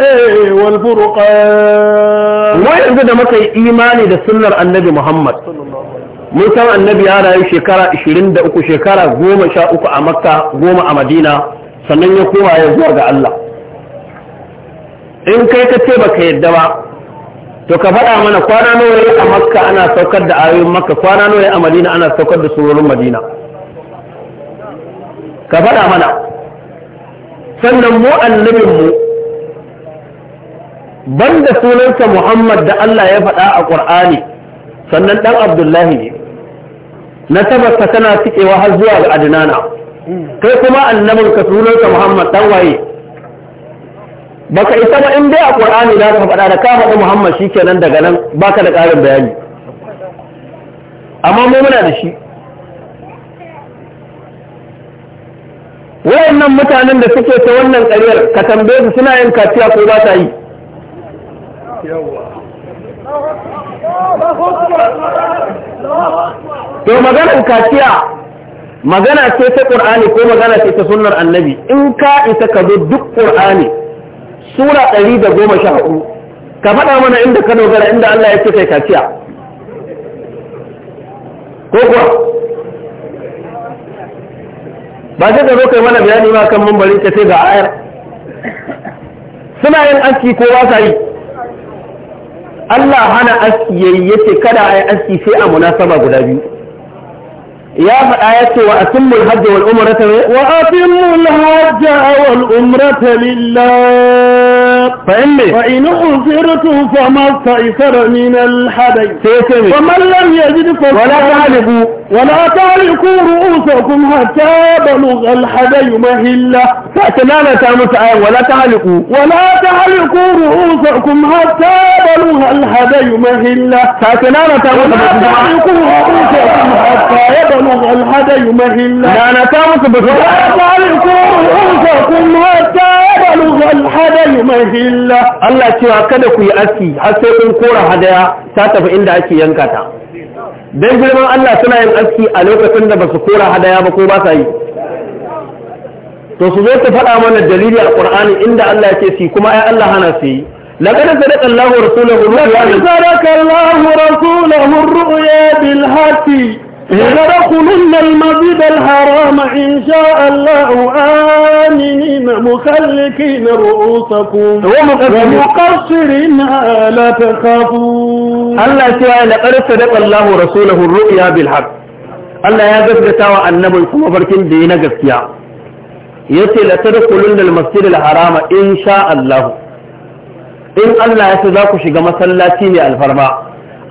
wal furqan wai yanzu da muka yi imani da sunnar annabi muhammad mun san annabi ya rayu shekara 23 shekara 13 a makka 10 a madina sannan ya koma ya zuwa ga Allah in kai ka ce baka yadda ba to ka faɗa mana kwana nawa yayi a makka ana saukar da ayoyin makka kwana nawa yayi a madina ana saukar da surorin madina ka faɗa mana sannan mu annabin mu banda sunansa Muhammad da Allah ya faɗa a ƙur'ani sannan ɗan Abdullahi ne na tabbata tana cikewa har zuwa ga Adnana kai kuma annabin sunansa Muhammad ɗan waye baka isa ba in dai a qur'ani da ka faɗa da ka faɗi muhammad shikenan daga nan baka da ƙarin bayani amma mu muna da shi wayannan mutanen da suke ta wannan ƙaryar ka tambaye su suna yin kaciya ko ba ta yi to magana kaciya magana ce ta ƙur'ani ko magana ce ta sunnar annabi in ka isa ka zo duk ƙur'ani sura ɗari da goma sha hudu ka faɗa mana inda ka dogara inda Allah ya ce kai kaciya ko kuwa ba sai ka zo kai mana bayani ma kan mambari ka ce ga ayar suna yin aski ko ba sa yi Allah hana aski yayi yace kada a yi aski sai a munasaba guda biyu يا فآيات وأتم الحج والأمرة وأتم الحج والأمرة لله فإني فإن أزرت فما استيسر من الحدي فمن لم يجد فسر ولا تعلقوا ولا تعلقوا رؤوسكم حتى بلغ الحدي مهلة فأتنانا تامس آية ولا تعلقوا ولا تعلقوا رؤوسكم حتى بلغ الحدي مهلة فأتنانا تامس ولا تعلقوا رؤوسكم حتى يبلغ يبلغ الهدي مهلا لا نتامس بفضل أنفسكم حتى يبلغ الهدي مهلا الله cewa kada ku yi aski har sai in kora hadaya ta tafi inda ake yankata. ta dan girman Allah suna yin aski a lokacin da basu kora hadaya ba ko ba sa yi to su zo su faɗa mana dalili a Qur'ani inda Allah yake si kuma ai Allah hana su yi لقد صدق الله رسوله الرؤيا لقد صدق الله رسوله الرؤيا بالحق لتدخلن المسجد الحرام إن شاء الله آمنين مخلقين رؤوسكم ومقصرين لا تخافون الله تعالى لقد صدق الله Allah ya gaskata wa annabin kuma barkin da ya na gaskiya ya ce la tadkhulun al masjid harama insha Allah in Allah ya sa za ku shiga masallaci ne alfarma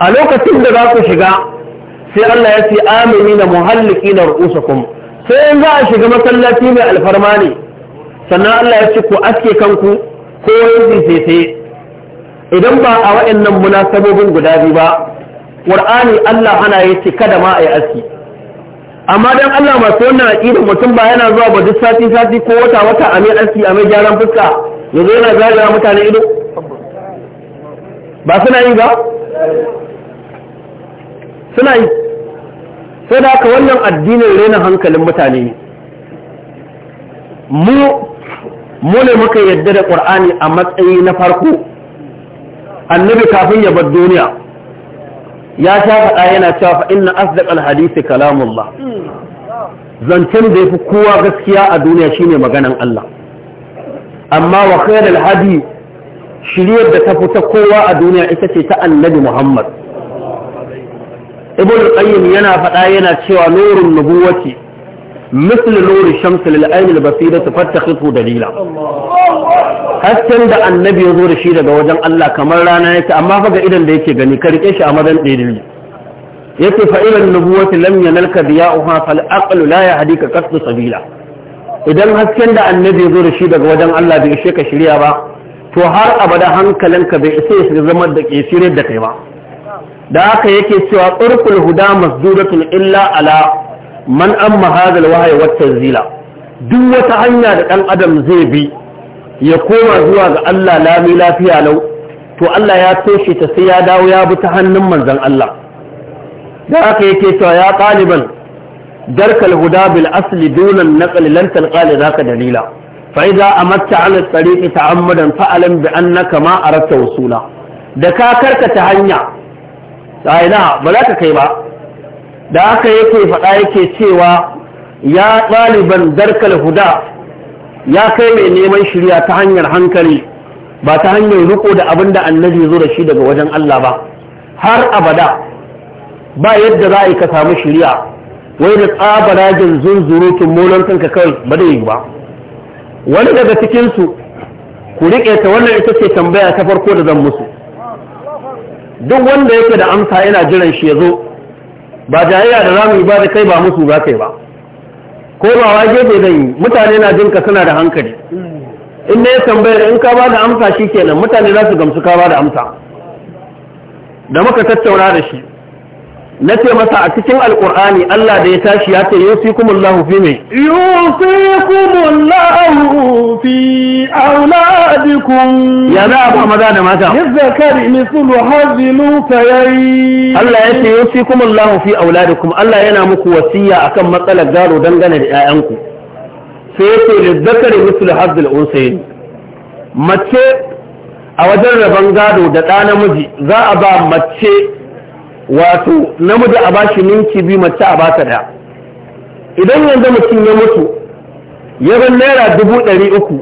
a lokacin da za ku shiga sai Allah ya ce amini na muhalliki na ru'usakum sai in za a shiga masallaci mai alfarma ne sannan Allah ya ce ku aske kanku ko yanzu sai idan ba a waɗannan munasabobin guda biyu ba Qur'ani Allah ana ya ce kada ma a yi aski amma dan Allah masu wannan aqidar mutum ba yana zuwa ba duk sati sati ko wata wata a mai aski a mai gyaran fuska yanzu yana zagaya mutane ido ba suna yi ba suna yi sai da haka wannan addinin raina hankalin mutane ne mu mu ne muka yadda da ƙur'ani a matsayi na farko annabi kafin ya bar duniya ya sha faɗa yana cewa fa inna asdaqal hadisi kalamullah zancen da yafi kowa gaskiya a duniya shine maganan Allah amma wa khairul hadi shiriyar da ta fita kowa a duniya ita ce ta annabi Muhammad ibn qayyim yana faɗa yana cewa nurun nubuwati مثل نور الشمس للعين البصيرة فاتخذه دليلا hasken da annabi ya zo da shi daga wajen Allah kamar rana yake amma fa ga idan da yake gani ka rike shi a madan dalili yake fa ilan nubuwati lam yanalka diya'uha fal aqlu la yahdika qasd sabila idan hasken da annabi ya zo da shi daga wajen Allah bai ishe ka shirya ba to har abada hankalinka bai isa ya zama da kesirar da kai ba da haka yake cewa tsarkul huda masduratun illa ala man an hadal wahyi wa duk wata hanya da ɗan adam zai bi ya koma zuwa ga Allah lami lafiya lau to Allah ya toshe ta sai ya dawo ya bi ta hannun manzan Allah da haka yake cewa ya ɗaliban darkal huda bil asli dunan naqli lan talqali zaka dalila fa idza amatta ala tariqi ta'ammadan fa'alam bi annaka ma aratta wusula da ka karkata hanya a ina ba za ka kai ba da aka yake faɗa yake cewa ya ɗaliban darkal huda ya kai mai neman shirya ta hanyar hankali ba ta hanyar riko da abin da annabi zo da shi daga wajen Allah ba har abada ba yadda za a yi ka samu shirya wai da tsabarajin zunzurutun molon kanka kawai ba da yi ba wani daga cikinsu ku riƙe ta wannan ita ce tambaya ta farko da zan musu duk wanda yake da amsa yana jiran shi ya zo ba jayayya da zamu yi ba da kai ba musu za kai ba ko ba wa gefe zan yi mutane na jin ka suna da hankali in ne tambayar in ka ba da amsa shi kenan mutane za su gamsu ka ba da amsa da muka tattauna da shi na ce masa a cikin alkur'ani Allah da ya tashi ya ce yusikumullahu fi me yusikumullahu fi auladikum ya za a maza da mata yadhakari Allah ya ce yusikumullahu fi auladikum Allah yana muku wasiya akan matsalar gado dangane da 'ya'yanku. sai yace yadhakari mithlu hazil unsayin mace a wajen rabon gado da ɗa namiji za a ba mace wato namiji a bashi ninki bi mace a bata daya idan yanzu mutum ya mutu ya bar naira dubu ɗari uku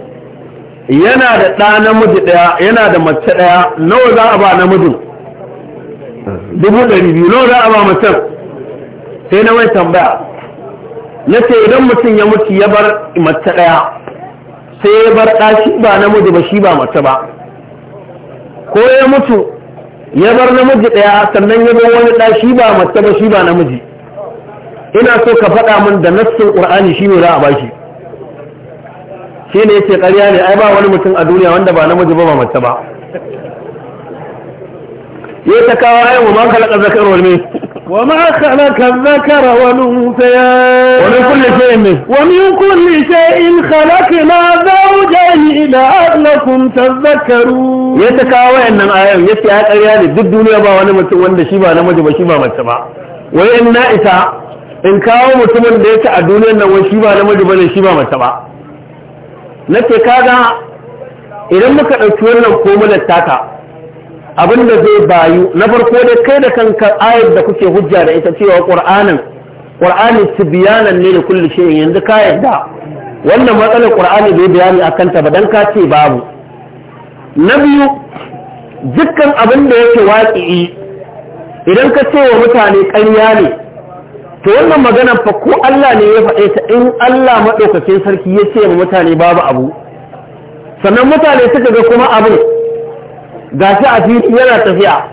yana da ɗa namiji ɗaya yana da mace ɗaya nawa za a ba namijin dubu ɗari biyu nawa za a ba mace sai na mai tambaya na ce idan mutum ya mutu ya bar mace ɗaya sai ya bar ɗa shi ba namiji ba shi ba mace ba ko ya mutu ya bar namiji ɗaya sannan ya bar wani ɗa shi ba mace ba shi ba namiji ina so ka faɗa min da nassin ƙur'ani shi ne za a bashi shi ne yake ƙarya ne ai ba wani mutum a duniya wanda ba namiji ba ba mace ba ya ta kawo ayyuka ma kalaka zakar ne وما خلق الذكر والأنثيان ومن كل شيء منه ومن كل شيء خلقنا زوجين لعلكم تذكرون ya ta kawo wayannan ayoyin yace ya ƙarya duk duniya ba wani mutum wanda shi ba namiji ba shi ba mace ba wai in na isa in kawo mutumin da yake a duniyar nan shi ba shi ba mace ba idan muka ɗauki wannan komunar taka abin da zai bayu na farko dai kai da kanka ayar da kuke hujja da ita cewa qur'anin qur'ani tibyanan ne da kulli yanzu ka yadda wannan matsalar qur'ani bai bayani akan ta ba dan ka ce babu na biyu dukkan abin da yake waqi'i idan ka ce wa mutane ƙarya ne to wannan magana fa ko Allah ne ya faɗe ta in Allah madaukakin sarki ya ce wa mutane babu abu sannan mutane suka ga kuma abin gashi a fili yana tafiya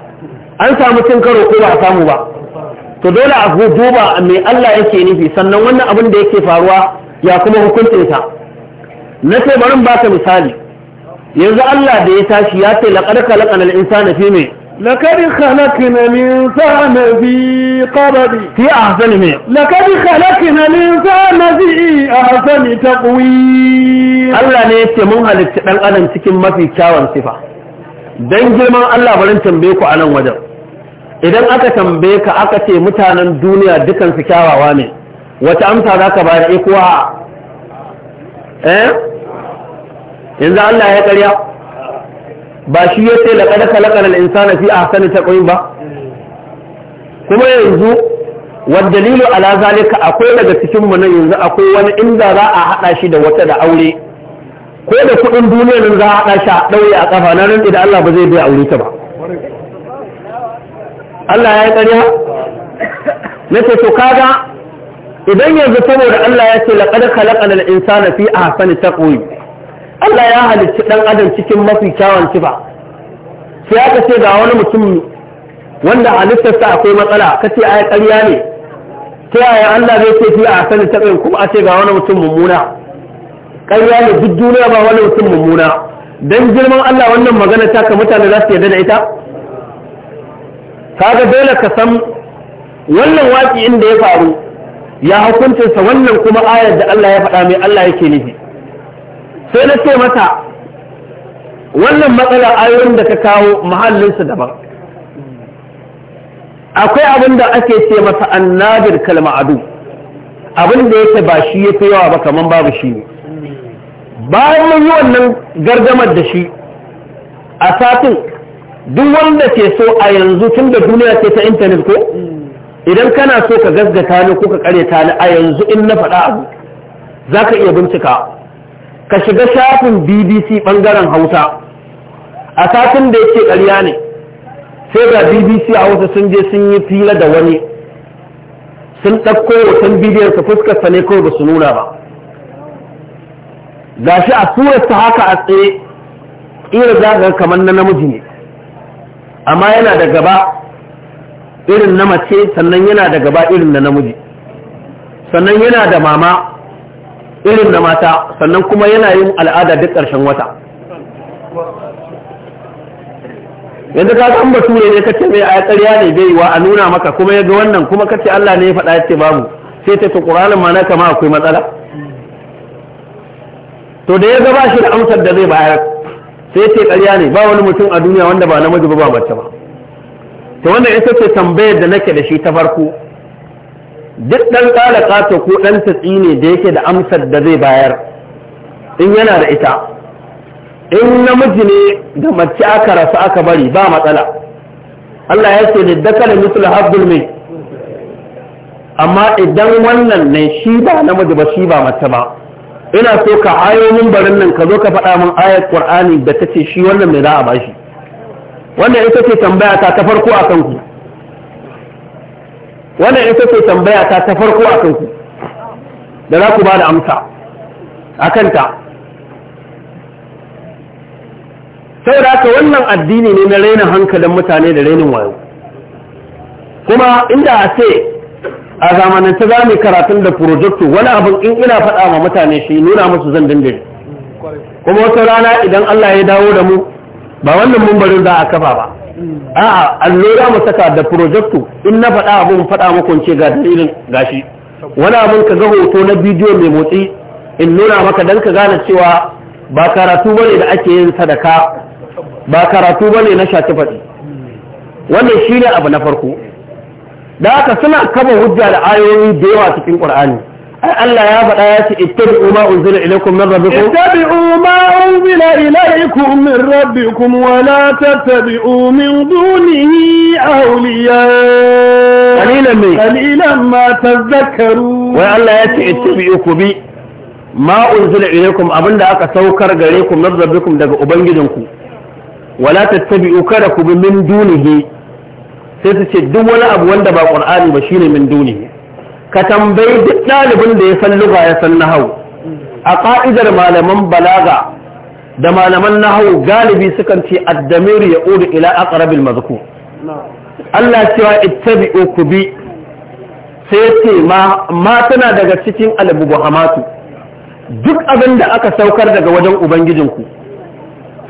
an samu cin karo ko ba a samu ba to dole a duba me Allah yake nufi sannan wannan abin da yake faruwa ya kuma hukuncinsa na ce ba ka misali yanzu Allah da ya tashi ya ce laqad khalaqana al na fi mai. na me لقد خلقنا الإنسان في قبض في أحسن ما na خلقنا a في ta تقويم Allah ne ya ce mun halitta ɗan adam cikin mafi kyawun sifa dan girman Allah barin tambaye ku a nan wajen idan aka tambaye ka aka ce mutanen duniya dukan su kyawawa ne wata amsa za ka bayar ikuwa eh, eh yanzu Allah ya karya ba shi ya ce laƙada kalakar al'insana fi a hasani ta ƙoyin ba kuma yanzu wadda lilo ala zalika akwai daga cikin mu nan yanzu akwai wani inda za a haɗa shi da wata da aure ko da kuɗin duniya nan za a haɗa shi a ɗauye a ƙafa nan idan Allah ba zai biya aure ta ba Allah ya yi ƙarya na ce to kaga idan yanzu saboda Allah ya ce laƙar kalaƙar insana fi a hasani ta ƙoyi Allah ya halicci ɗan adam cikin mafi kyawun kiba sai aka ce ga wani mutum wanda halittarsa akwai matsala ka ce a ƙarya ne ta yaya Allah zai ce fi a hasani ta ƙoyi kuma a ce ga wani mutum mummuna ƙarya ne duk duniya ba wani mutum mummuna don girman Allah wannan magana ta ka mutane za su yarda da ita kaga dole ka san wannan waƙi inda ya faru ya hukuncinsa wannan kuma ayar da Allah ya faɗa mai Allah yake nufi sai na ce mata wannan matsalar ayoyin da ka kawo mahallinsu daban akwai abin da ake ce masa annadir kalma'adu abin da yake ba shi ya fi yawa ba kaman babu shi ne bayan mun yi wannan gargamar da shi a satin duk wanda ke so a yanzu tun da duniya ce ta intanet ko idan kana so ka gasgata ni ko ka ta ni a yanzu in na faɗa abu za ka iya bincika ka shiga shafin bbc ɓangaren hausa a satin da yake ƙarya ne sai ga bbc a wasu sun je sun yi fila da wani sun ɗauko hoton bidiyon ka fuskarsa ne kawai ba su nuna ba gashi a surarsa haka a tsaye ƙira zagar kamar na namiji ne amma yana da gaba irin na mace sannan yana da gaba irin na namiji sannan yana da mama irin na mata sannan kuma yana yin al'ada duk ƙarshen wata yanzu ka san bature ne kace mai a ƙarya ne bai wa a nuna maka kuma ya ga wannan kuma kace Allah ne ya faɗa ya ce babu sai ta ta Qur'anin ma na kama akwai matsala to da ya gaba shi da amsar da zai bayar sai ce ƙarya ne ba wani mutum a duniya wanda ba namiji ba ba mace ba to wannan ita ce tambayar da nake da shi ta farko duk ɗan ƙala ƙato ko ɗan tatsi ne da yake da amsar da zai bayar in yana da ita in namiji ne da mace aka rasu aka bari ba matsala Allah ya ce da daka da mutul habbul mai amma idan wannan ne shi ba namiji ba shi ba mace ba ina so ka ayo min barin nan ka zo ka faɗa min ayat qur'ani da tace shi wannan mai za a bashi wannan ita ce tambaya ta ta farko a kanku wannan ita ce tambaya ta ta farko a kanku da za ku ba da amsa a kanta da haka wannan addini ne na rainin hankalin mutane da rainin wayo kuma inda a ce a zamanance za mu karatun da projecto wani abin in ina faɗa ma mutane shi nuna musu zan dindin kuma wata rana idan Allah ya dawo da mu ba wannan mumbarin za a kafa ba a'a allo za mu saka da projecto in na faɗa abin faɗa muku ce ga dalilin gashi wani abin ka ga hoto na bidiyo mai motsi in nuna maka dan ka gane cewa ba karatu bane da ake yin sadaka ba karatu bane na shafi faɗi wannan shine abu na farko da haka suna kama hujja da ayoyi da yawa cikin qur'ani Allah ya faɗa ya ce ittabi'u ma unzila ilaykum min rabbikum ittabi'u ma unzila ilaykum min rabbikum wa la tattabi'u min dunihi awliya qalilan me qalilan ma tadhakkaru wai Allah ya ce ittabi'u ku bi ma unzila ilaykum abinda aka saukar gare ku min rabbikum daga ubangijinku wala tattabi'u kada ku bi min dunihi sai su ce duk wani abu wanda ba qur'ani ba shine min duni ka tambayi duk ɗalibin da ya san lugha ya san nahau a ka'idar malaman balaga da malaman nahau galibi sukan ce ad ya ya'udu ila aqrabil mazkur Allah cewa ittabi'u kubi sai ce ma tana daga cikin albubuhamatu duk abin da aka saukar daga wajen ubangijinku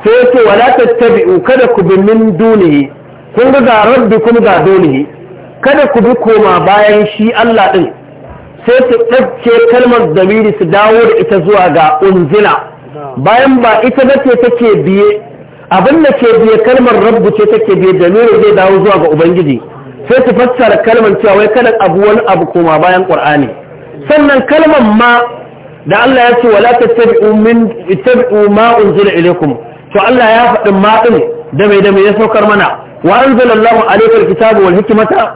sai ce wala tattabi'u kada ku bi min dunihi kun ga ga rabbi kuma ga dole kada ku bi koma bayan shi Allah din sai su ɗauke kalmar zamiri su dawo da ita zuwa ga unzila bayan ba ita da take biye abin da ke biye kalmar rabbi ce take biye zamiri zai dawo zuwa ga ubangiji sai su fassara kalmar cewa wai kada abu wani abu koma bayan qur'ani sannan kalmar ma da Allah ya ce wala tattabi'u min ittabi'u ma unzila ilaykum to Allah ya faɗi ma ɗin da mai da mai ya saukar mana وأنزل الله عليك الكتاب والحكمة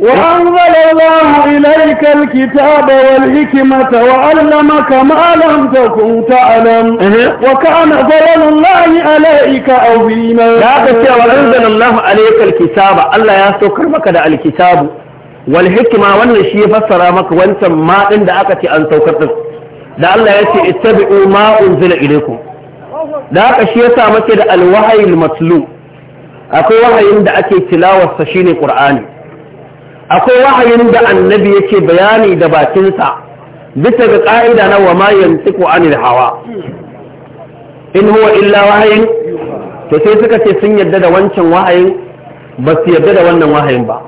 وأنزل الله إليك الكتاب والحكمة وعلمك ما لم تكن تعلم وكان فضل الله عليك عظيما لا تسير وأنزل الله عليك الكتاب الله يسكر مك الكتاب والحكمة وأن شيء فسر مك وأنت ما عند أكتي أن توكرت da Allah ya ce ittabi'u ma unzila ilaykum da haka shi yasa muke da alwahyi almatlu akwai wahayin da ake tilawarsa shine ƙur'ani akwai wahayin da annabi yake bayani da bakinsa bisa ga ƙa'ida na wa mayan tuku anil hawa in huwa illa wahayin to sai suka ce sun yadda da wancan wahayin ba su yadda da wannan wahayin ba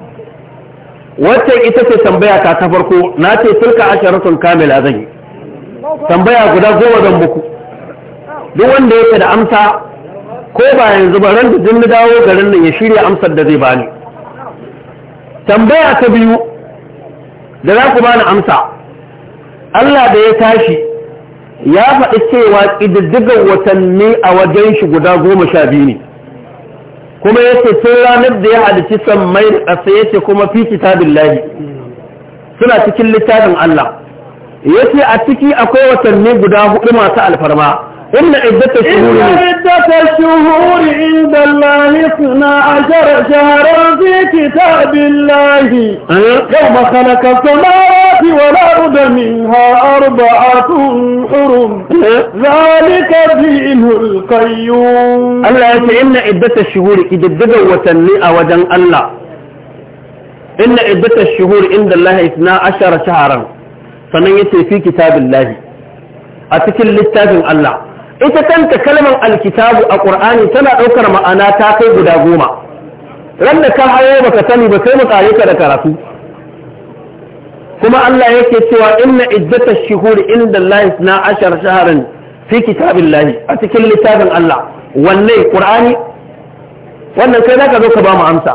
wacce ita ce tambaya ta ta farko na ce tilka asharatun kamila zan yi tambaya guda goma zan buku duk wanda yake da amsa ko ba yanzu ba ran da jin dawo garin nan ya shirya amsar da zai bani tambaya ta biyu da za ku bani amsa Allah da ya tashi ya faɗi cewa ƙididdigar watanni a wajen shi guda goma sha biyu ne kuma ya ce sun ranar da ya halici sammai da ƙasa ya ce kuma fi kitabin lahi suna cikin littafin Allah ya ce a ciki akwai watanni guda hudu masu alfarma إن عدة الشهور إن عدة الشهور عند الله اثنا عشر شهرا في كتاب الله يوم خلق السماوات والأرض منها أربعة حرم ذلك دين القيوم الله يقول إن عدة الشهور إذا بدأ وتنمي أودا الله إن عدة الشهور عند الله اثنا عشر شهرا فنيت في كتاب الله أتكل للتاج الله ita kanta kalmar alkitabu a ƙur'ani tana ɗaukar ma'ana ta kai guda goma ran da ka hayo baka sani ba sai mu ka da karatu kuma Allah yake cewa inna iddata shuhuri inda Allah na ashar shaharin fi kitabillahi a cikin littafin Allah wanne wannan kai zaka zo ka ba mu amsa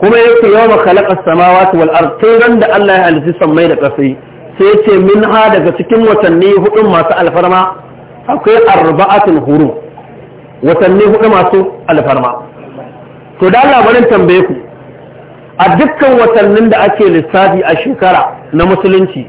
kuma yake yawma khalaqa samawati wal ard sai ran da Allah ya halitta sammai da ƙasai sai ce minha ha daga cikin watanni hudun masu alfarma akwai arba'atul hurum watanni hudu masu alfarma to da labarin tambaye ku a dukkan watannin da ake lissafi a shekara na musulunci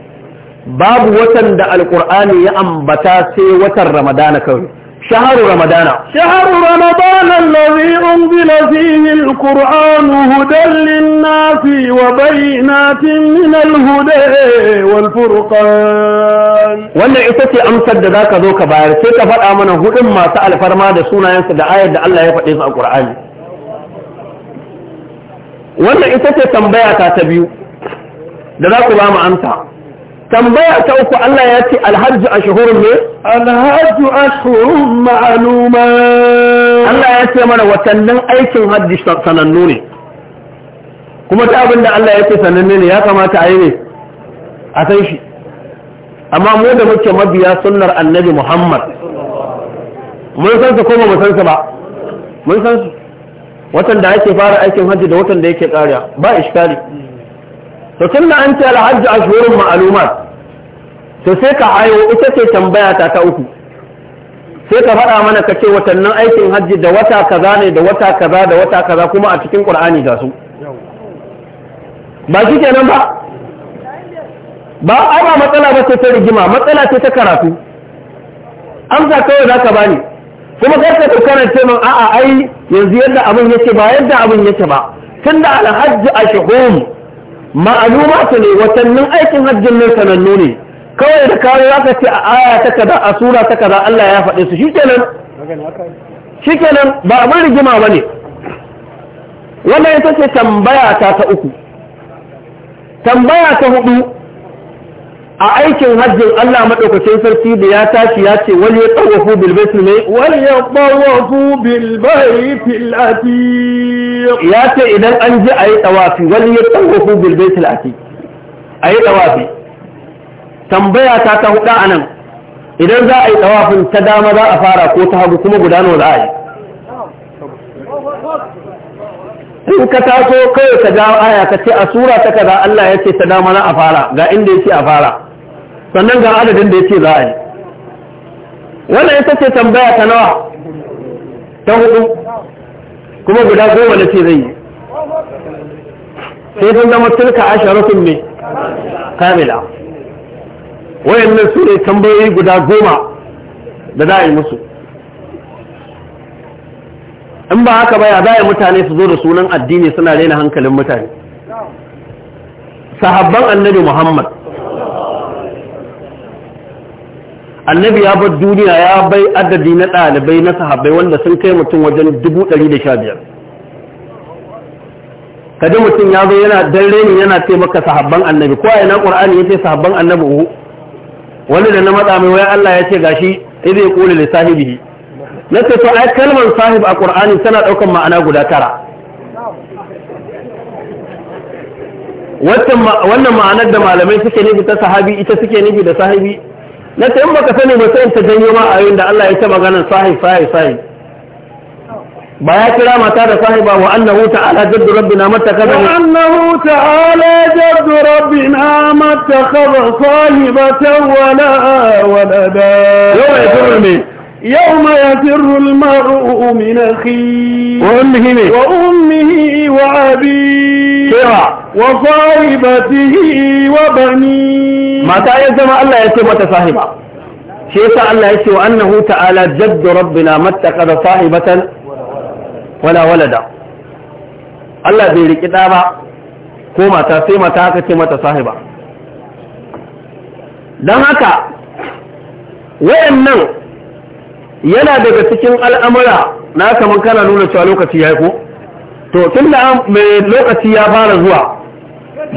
babu watan da alkur'ani ya ambata sai watan ramadana kawai شهر رمضان شهر رمضان الذي أنزل فيه القرآن هدى للناس وبينات من الهدى والفرقان وانا اتتي امسد ذاك ذوك باير سيكا فرع من هو اما سأل فرما دا سونا ينسى دا آية دا الله يفتح في القرآن وانا اتتي تنبيع تاتبيو da za ku ba mu amsa tambaya ta uku Allah ya ce alhajju ashhurun ne alhajju ashhurun ma'luma Allah ya ce mana watannin aikin hajji sanannu ne kuma ta abin da Allah ya ce sanannu ne ya kamata a yi ne a san shi amma mu da muke mabiya sunnar annabi Muhammad mun san su kuma ba mu san su ba mun san su watan da ake fara aikin hajji da watan da yake kariya ba iskali to tunda an ce alhajj ashhurun ma'lumat to sai ka hayo ita ce tambaya ta ta uku sai ka faɗa mana ka ce watannin aikin hajji da wata kaza ne da wata kaza da wata kaza kuma a cikin Ƙur'ani ga su ba shi kenan ba ba ai ba matsala ba ce ta rigima matsala ce ta karatu amsa kawai za ka bani kuma karka ka karanta min a'a ai yanzu yadda abin yake ba yadda abin yake ba tunda a ashhurun ma'aluma su ne watannin aikin hajjin nan sanannu ne kawai da kawai za ka ce a aya ta kaza a sura ta kaza Allah ya faɗe su shikenan shikenan ba mun rigima ba ne wannan ita ce tambaya ta ta uku tambaya ta hudu a aikin hajjin Allah maɗaukacin sarki da ya tashi ya ce wani ya tsawafu bilbaitu ne wani ya tsawafu bilbaitu al'atiq ya ce idan an ji a yi tsawafi wani ya tsawafu bilbaitul ati a yi tsawafi tambaya ta ta huɗa a nan idan za a yi tsawafin ta dama za a fara ko ta hagu kuma guda nawa za a yi in ka taso kawai ka ga aya ka ce a sura ta kaza Allah ya ce ta dama na a fara ga inda ya ce a fara sannan ga adadin da ya ce za a yi wannan ita ce tambaya ta nawa ta hudu kuma guda goma na ce zai yi sai don zama tilka asharatun ne kamila wayannan su ne tambayoyi guda goma da za a yi musu in ba haka baya za a yi mutane su zo da sunan addini suna rena hankalin mutane sahabban annabi muhammad annabi ya bar duniya ya bai adadi na ɗalibai na sahabbai wanda sun kai mutum wajen dubu ɗari da sha biyar kaji mutum ya zo yana dare reni yana ce maka sahabban annabi ko ina qur'ani yace sahabban annabi uhu wani da na matsa mai wai Allah ya ce gashi idai da sahibi na ce to ai kalmar sahib a qur'ani tana daukan ma'ana guda tara wannan ma'anar da malamai suke nufi ta sahabi ita suke nufi da sahibi na ta in baka sani ba sai ta janyo ma ayoyin da Allah ya ta maganar sahib sahib sahib ba ya kira mata da sahiba wa annahu ta'ala jaddu rabbina mattakhadha wa annahu ta'ala jaddu rabbina mattakhadha sahibatan wala walada yawma yafirru me yawma yafirru al-mar'u min akhihi wa ummihi wa ummihi wa abihi wa sahibatihi wa bani mata ya zama Allah ya ce mata sahiba shi yasa Allah ya ce wa annahu ta'ala jaddu rabbina mattaqada sahibatan wala walada Allah bai riki da ba ko mata sai mata aka ce mata sahiba dan haka wayannan yana daga cikin al'amura na kaman kana nuna cewa lokaci ya yi ko to tun da mai lokaci ya fara zuwa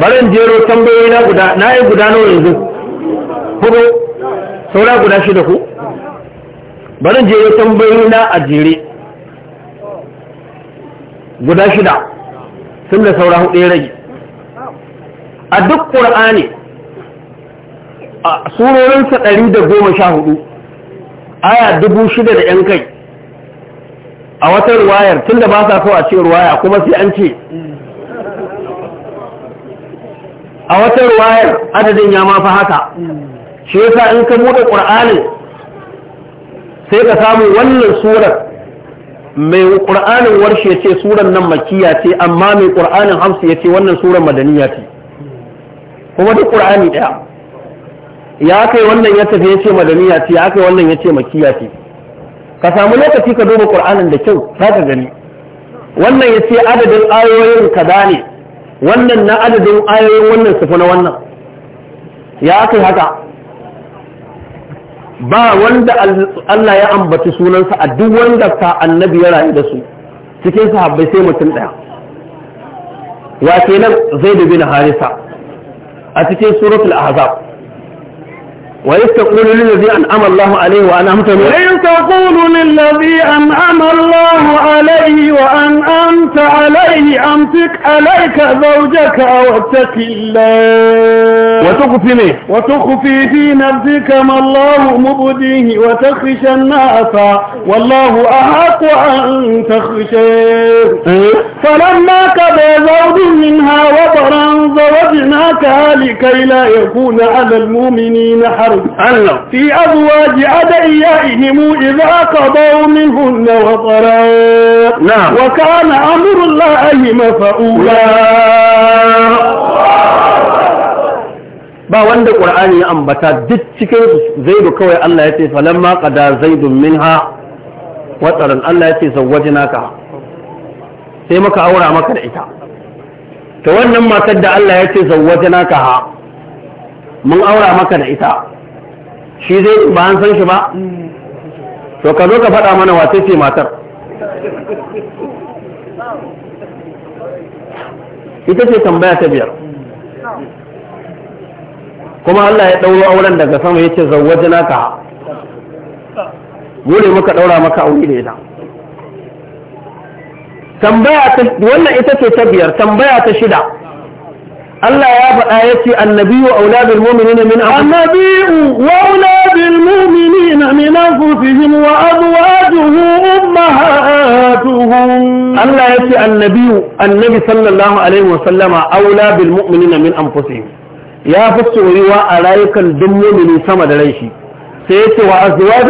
barin jero tambayoyi na guda na yi guda nawa yanzu hudu saura guda shida ku barin jero tambayoyi na a jere guda shida sun da saura hudu ya rage a duk ƙura'ani a surorinsa ɗari da goma sha hudu aya dubu shida da ‘yan kai a watan ruwayar tun da ba sa so a ce ruwaya kuma sai an ce a wata ruwayar adadin ya mafi haka shi yasa in ka buɗe ƙur'anin sai ka samu wannan surar mai ƙur'anin warshe ce surar nan makiya ce amma mai ƙur'anin hamsu ya ce wannan surar madaniya ce kuma duk ƙur'ani ɗaya ya kai wannan ya tafi ya ce madaniya ce ya kai wannan ya ce makiya ce ka samu lokaci ka duba ƙur'anin da kyau za ka gani wannan ya ce adadin ayoyin kaza ne wannan na adadin ayoyin wannan sufi na wannan ya kai haka ba wanda Allah ya ambaci sunansa a duk wanda ka annabi ya rayu da su cikin sahabbai sai mutum ɗaya wa kenan zai dubi na harisa a cikin suratul ahzab وإذ تقول للذي أنعم الله عليه وأنعمت عليه وإذ تقول للذي أنعم الله عليه وأنعمت عليه أمسك عليك زوجك أو اتق الله وتخفي وتخفي في نفسك ما الله مبديه وتخشى الناس والله أحق أن تخشيه إيه؟ فلما كذا زوج منها وطرا زوجناك لكي لا يكون على المؤمنين حرام الله في أزواج أدعيائهم إذا قضوا منهن وطرا نعم وكان أمر الله مفعولا ba wanda qur'ani ya ambata duk cikin su zaidu kawai Allah ya ce falamma qada zaidun minha wataran Allah ya ce zawwajnaka sai maka aura maka da ita to wannan matar da Allah ya ce zawwajnaka mun aura maka da ita shi zai ba an san shi ba to ka zo ka faɗa mana wace ce matar ita ce tambaya ta biyar kuma Allah ya ɗauro auren daga sama ya ce zawwaje naka mu ne muka ɗaura maka aure da ita tambaya ta wannan ita ce ta biyar tambaya ta shida Allah ya faɗa ya ce annabiyu a auladul mu'minina min annabiyu wa auladul mu'minina min anfusihim wa azwajuhu ummahatuhum Allah ya ce annabiyu annabi sallallahu alaihi wa sallama auladul mu'minina min anfusihim ya fi tsoriwa a rayukan duk sama da rai shi sai ya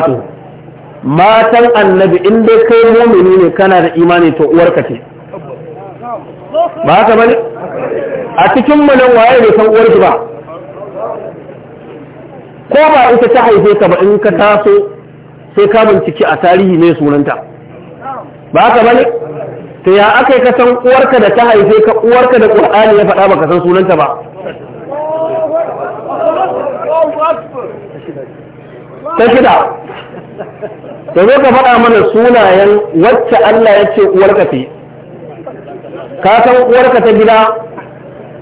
ce matan annabi in dai kai mu'mini ne kana da imani to uwarka ce ba haka bane a cikin mu nan waye bai san uwarki ba ko ba ita ta haife ka ba in ka taso sai ka binciki a tarihi ne sunanta ba haka bane to ya akai ka san uwarka da ta haife ka uwarka da qur'ani ya faɗa baka san sunanta ba ta shida to zo ka faɗa mana sunayen wacce Allah ya ce uwarka fi ka san uwarka ta gida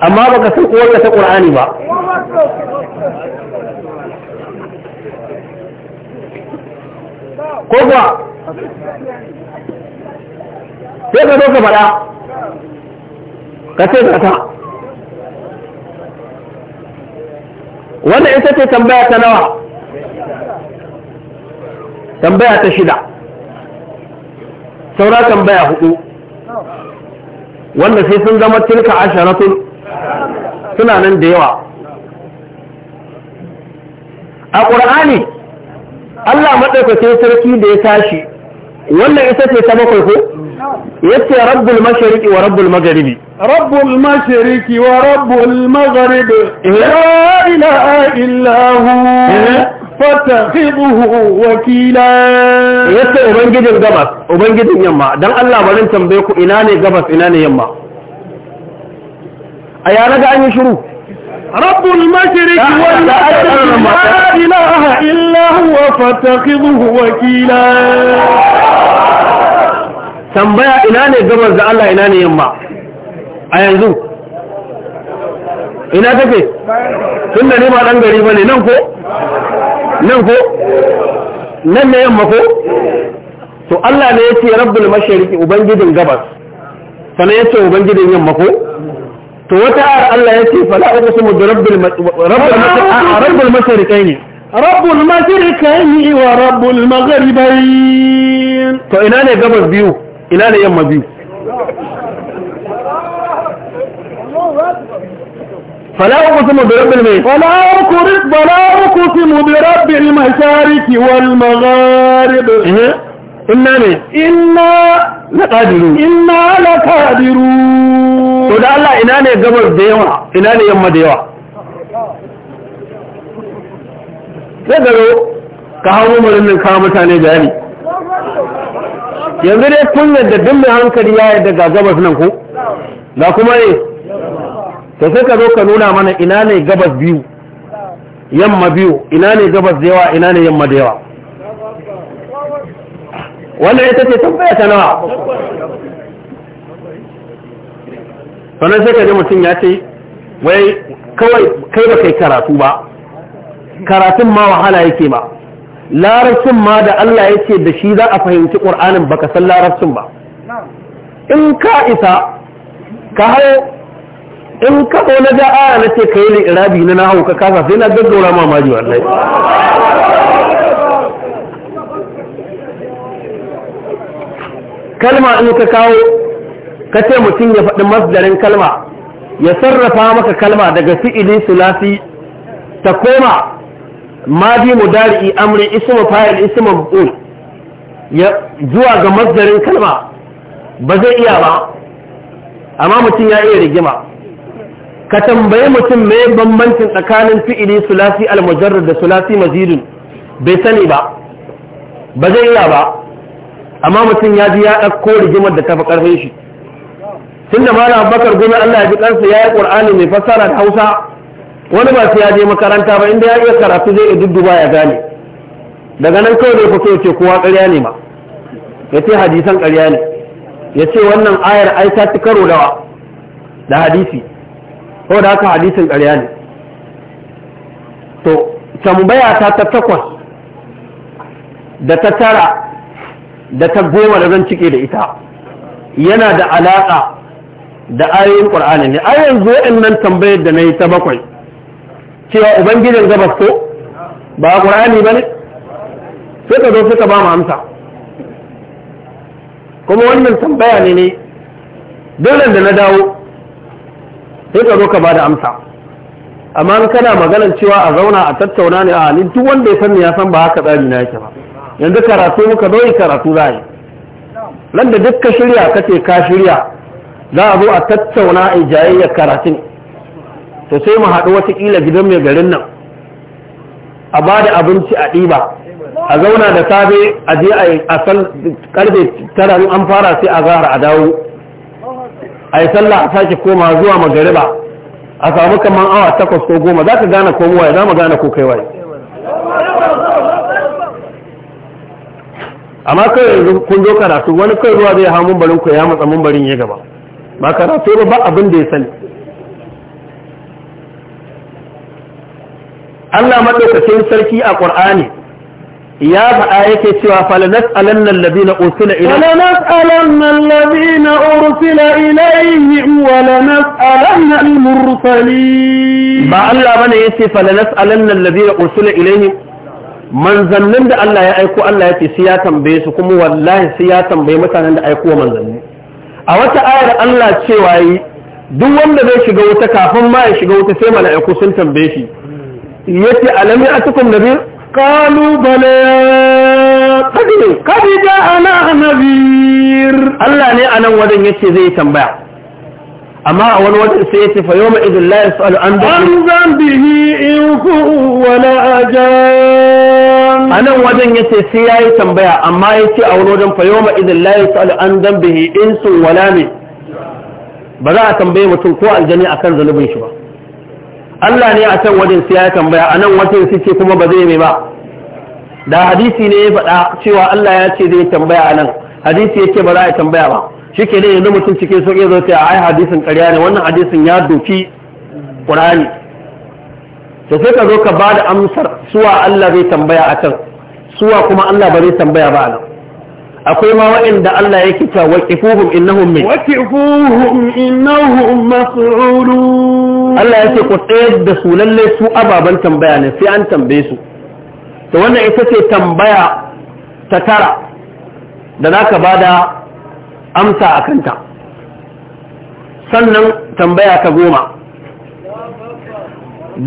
amma baka san uwarka ta qur'ani ba ko kuwa sai ka zo ka faɗa ka ce ta wannan ita ce tambaya ta nawa tambaya ta shida saura tambaya hudu wanda sai sun zama tilka asharatun suna nan da yawa a ƙur'ani Allah maɗaukacin sarki da ya tashi wannan ita ce ta bakwai ko yace rabbul mashriqi wa rabbul magharibi rabbul mashriqi wa rabbul magharibi la ilaha illa hu eh? fattakhibuhu wakila yace ubangijin gabas ubangijin yamma dan Allah barin tambaye ku ina ne gabas ina ne yamma a yana ga an yi shiru rabbul mashriq wal maghrib la ilaha illa huwa fattakhibuhu wakila tambaya ina ne gabas da Allah ina ne yamma a yanzu ina take tunda ne ba dan gari bane nan ko nan ko nan na yamma ko to Allah ne yace rabbul mashariqi ubangijin gabas sannan yace ubangijin yamma ko to wata ayar Allah yace fala uqsimu bi rabbil rabbul mashariqaini rabbul mashariqaini wa rabbul maghribain to ina ne gabas biyu ina ne yamma biyu فلا أقسم برب المشارق فلا أقسم برب المشارق والمغارب إنا ne إنا لقادرون إنا لقادرون to da Allah ina ne gabar da yawa ina ne yamma da yawa sai garo ka hawo mutane bayani yanzu dai kun yadda duk hankali ya yadda ga gabas nan ko ga kuma ne to sai ka zo ka nuna mana ina ne gabas biyu yamma biyu ina ne gabas da yawa ina ne yamma da yawa wannan ita ce tambaya ta nawa sannan sai ka ji mutum ya ce wai kawai kai ba kai karatu ba karatun ma wahala yake ba larabcin ma da Allah ya ce da shi za a fahimci ƙur'anin baka san larabcin ba in ka isa ka hau in kaɓo na ja na ce ka yi irabi na na hauka kasa sai na gaggaura mamaji wallahi kalma in ka kawo ka ce mutum ya faɗi masdarin kalma ya sarrafa maka kalma daga fi'ili sulasi ta koma madi mudari amri isma fa'il isma maf'ul ya zuwa ga masdarin kalma ba zai iya ba amma mutum ya iya rigima ka tambayi mutum me bambancin tsakanin fi'ili sulasi al-mujarrad da sulasi mazidun bai sani ba ba zai iya ba amma mutum ya ji ya ɗauko rigimar da ta fi ƙarfin shi tunda malam Abubakar gona Allah ya ji kansa yayi Qur'ani mai fassara da Hausa wani ba sai ya je makaranta ba inda ya iya karatu zai iya dudduba ya gane daga nan kawai da fito ce kowa ƙarya ne ma yace hadisan ƙarya ne yace wannan ayar ai ta ci karo da hadisi ko da haka hadisin ƙarya ne to tambaya ta ta takwas da ta tara da ta goma da zan cike da ita yana da alaƙa da ayoyin ƙwar'ani ne a yanzu in nan tambayar da na yi ta bakwai cewa ubangijin gabas ko ba a ƙwar'ani ba ne sai ka zo suka ba amsa kuma wannan tambaya ne ne dole da na dawo sai ka zo ka da amsa amma in kana maganar cewa a zauna a tattauna ne a halin duk wanda ya sani ya san ba haka tsari na yake ba yanzu karatu muka zo karatu za yi nan da duk ka shirya kace ka shirya za a zo a tattauna a jayayyar karatun to sai mu haɗu watakila gidan mai garin nan a ba da abinci a ɗiba a zauna da safe a je a san karfe tara an fara sai a zahar a dawo a yi sallah a sake koma zuwa magariba a samu kamar awa takwas ko goma za ka gane komowa za mu gane ko kai waye amma kai yanzu kun zo karatu wani kai zuwa zai hamun barin ku ya matsa mun barin ya gaba ba karatu ba ba abin da ya sani Allah madaukakin sarki a Qur'ani ya faɗa yake cewa falanas alannan labina ursila ila falanas alannan labina ursila ilai wa lanas alannan mursali ba Allah bane yace falanas alannan labina ursila Man manzannin da Allah ya aiko Allah yace sai ya tambaye su kuma wallahi sai ya tambaye mutanen da aiko manzanni a wata ayar Allah cewa yi duk wanda zai shiga wuta kafin ma ya shiga wuta sai mala'iku sun tambaye shi yace alami atukum nabiyyu قالوا بلى قد جاءنا نذير الله ne anan wajen yace zai tambaya amma a wani wajen sai yace fa yawma idin la yasalu an dhanbihi in wala ajan anan wajen yace sai yayi tambaya amma yace a wani wajen fa yawma idin la yasalu an dhanbihi insun wala ba za a mutum ko aljani akan zalubin shi ba Allah ne a can wajen sai ya tambaya a nan wajen sai ce kuma ba zai mai ba da hadisi ne ya faɗa cewa Allah ya ce zai tambaya a nan hadisi yake ba za a tambaya ba shike ne yanzu mutum cikin sauƙi zo ta ai hadisin ƙarya ne wannan hadisin ya doki Qur'ani to sai ka zo ka ba da amsar suwa Allah zai tambaya a can suwa kuma Allah ba zai tambaya ba a nan akwai ma waɗanda Allah yake cewa waqifuhum innahum min waqifuhum innahum mas'ulun Allah ya ce ku tsayar da su lallai su ababen tambaya ne sai an tambaye su to wannan ita ce tambaya ta tara da za ka bada amsa a kanta sannan tambaya ta goma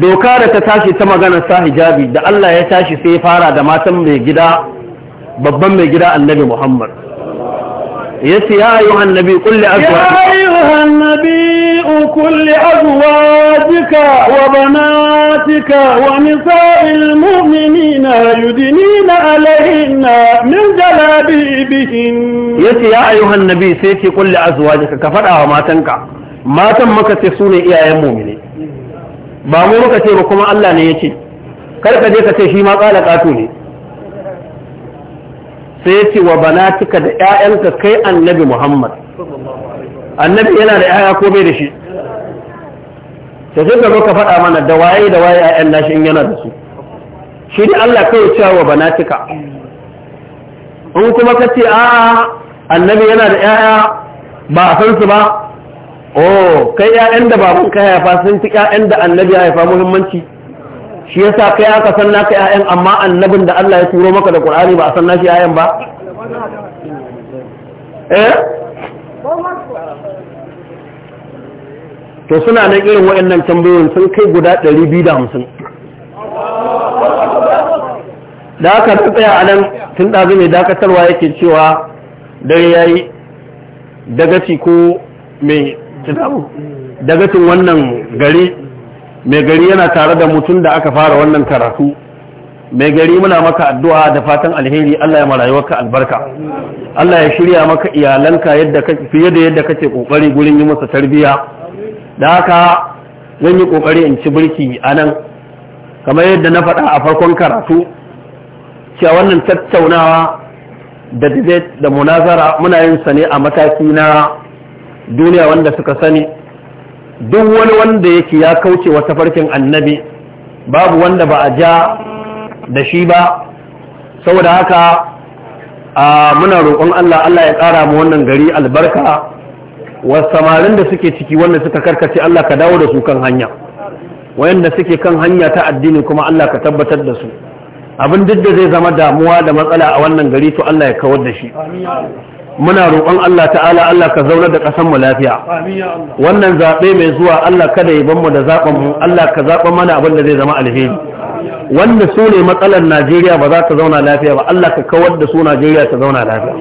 doka da ta tashi ta magana sa hijabi da Allah ya tashi sai fara da matan mai gida babban mai gida annabi Muhammad yace ya ayyuhan nabi kulli azwajika ya ayyuhan nabi كل لأزواجك وبناتك ونساء المؤمنين يدنين عليهن من جلابيبهن يتي يا أيها النبي سيتي كل لأزواجك كفرها ما تنكع ما تمك تسوني إيا المؤمنين ba mu muka ce ba kuma Allah ne ya ce kar ka je ka ce shi ma ƙala ƙato ne sai ya ce wa banatika da ƴaƴanka kai annabi Muhammad annabi yana da yaya ko bai da shi ta zai ka zo ka faɗa mana da waye da waye yan nashi in yana da su shi da Allah kai cewa wa banatika in kuma ka ce a annabi yana da yaya ba a san su ba oh kai yayan da baban ka haifa sun fi yayan da annabi ya haifa muhimmanci shi yasa kai aka san naka yayan amma annabin da Allah ya turo maka da Qur'ani ba a san nashi yayan ba eh to suna nan irin waɗannan tambayoyin sun kai guda 250 da aka tsaya a nan tun ɗazu mai dakatarwa yake cewa dare ya yi dagaci ko mai dagacin wannan gari mai gari yana tare da mutum da aka fara wannan karatu mai gari muna maka addu'a da fatan alheri Allah ya marayuwarka albarka Allah ya shirya maka iyalanka fiye da yadda kake ƙoƙari gurin yi masa tarbiyya da haka zan yi kokari in ci birki a nan kamar yadda na faɗa a farkon karatu cewa wannan tattaunawa da debate da munazara muna yin sa ne a mataki na duniya wanda suka sani duk wani wanda yake ya kauce wata farkin annabi babu wanda ba a ja da shi ba saboda haka a muna roƙon Allah Allah ya ƙara mu wannan gari albarka wa samarin da suke ciki wanda suka karkace Allah ka dawo da su kan hanya wayanda suke kan hanya ta addini kuma Allah ka tabbatar da su abin duk da zai zama damuwa da matsala a wannan gari to Allah ya kawar da shi muna roƙon Allah ta'ala Allah ka zauna da ƙasar mu lafiya wannan zaɓe mai zuwa Allah kada ya ban mu da zaɓen mu Allah ka zaɓa mana abin da zai zama alheri wanda su ne matsalar Najeriya ba za ta zauna lafiya ba Allah ka kawar da su Najeriya ta zauna lafiya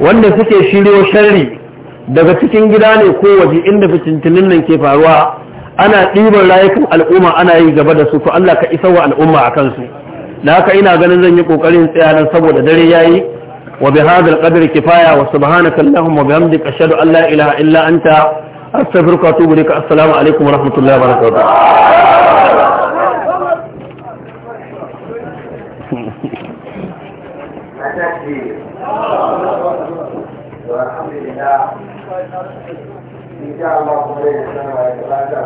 wanda suke shiryo sharri daga cikin gida ne ko waje inda fitintinin nan ke faruwa ana ɗiban rayukan al'umma ana yi gaba da su to Allah ka isa wa al'umma a kansu da haka ina ganin zan yi kokarin tsaya nan saboda dare yayi wa bi hadal qadr kifaya wa subhanaka allahumma wa bihamdika ashhadu an la ilaha illa anta astaghfiruka wa atubu assalamu alaikum wa rahmatullahi wa barakatuh ìjà àwọn ọmọdé ìṣẹ́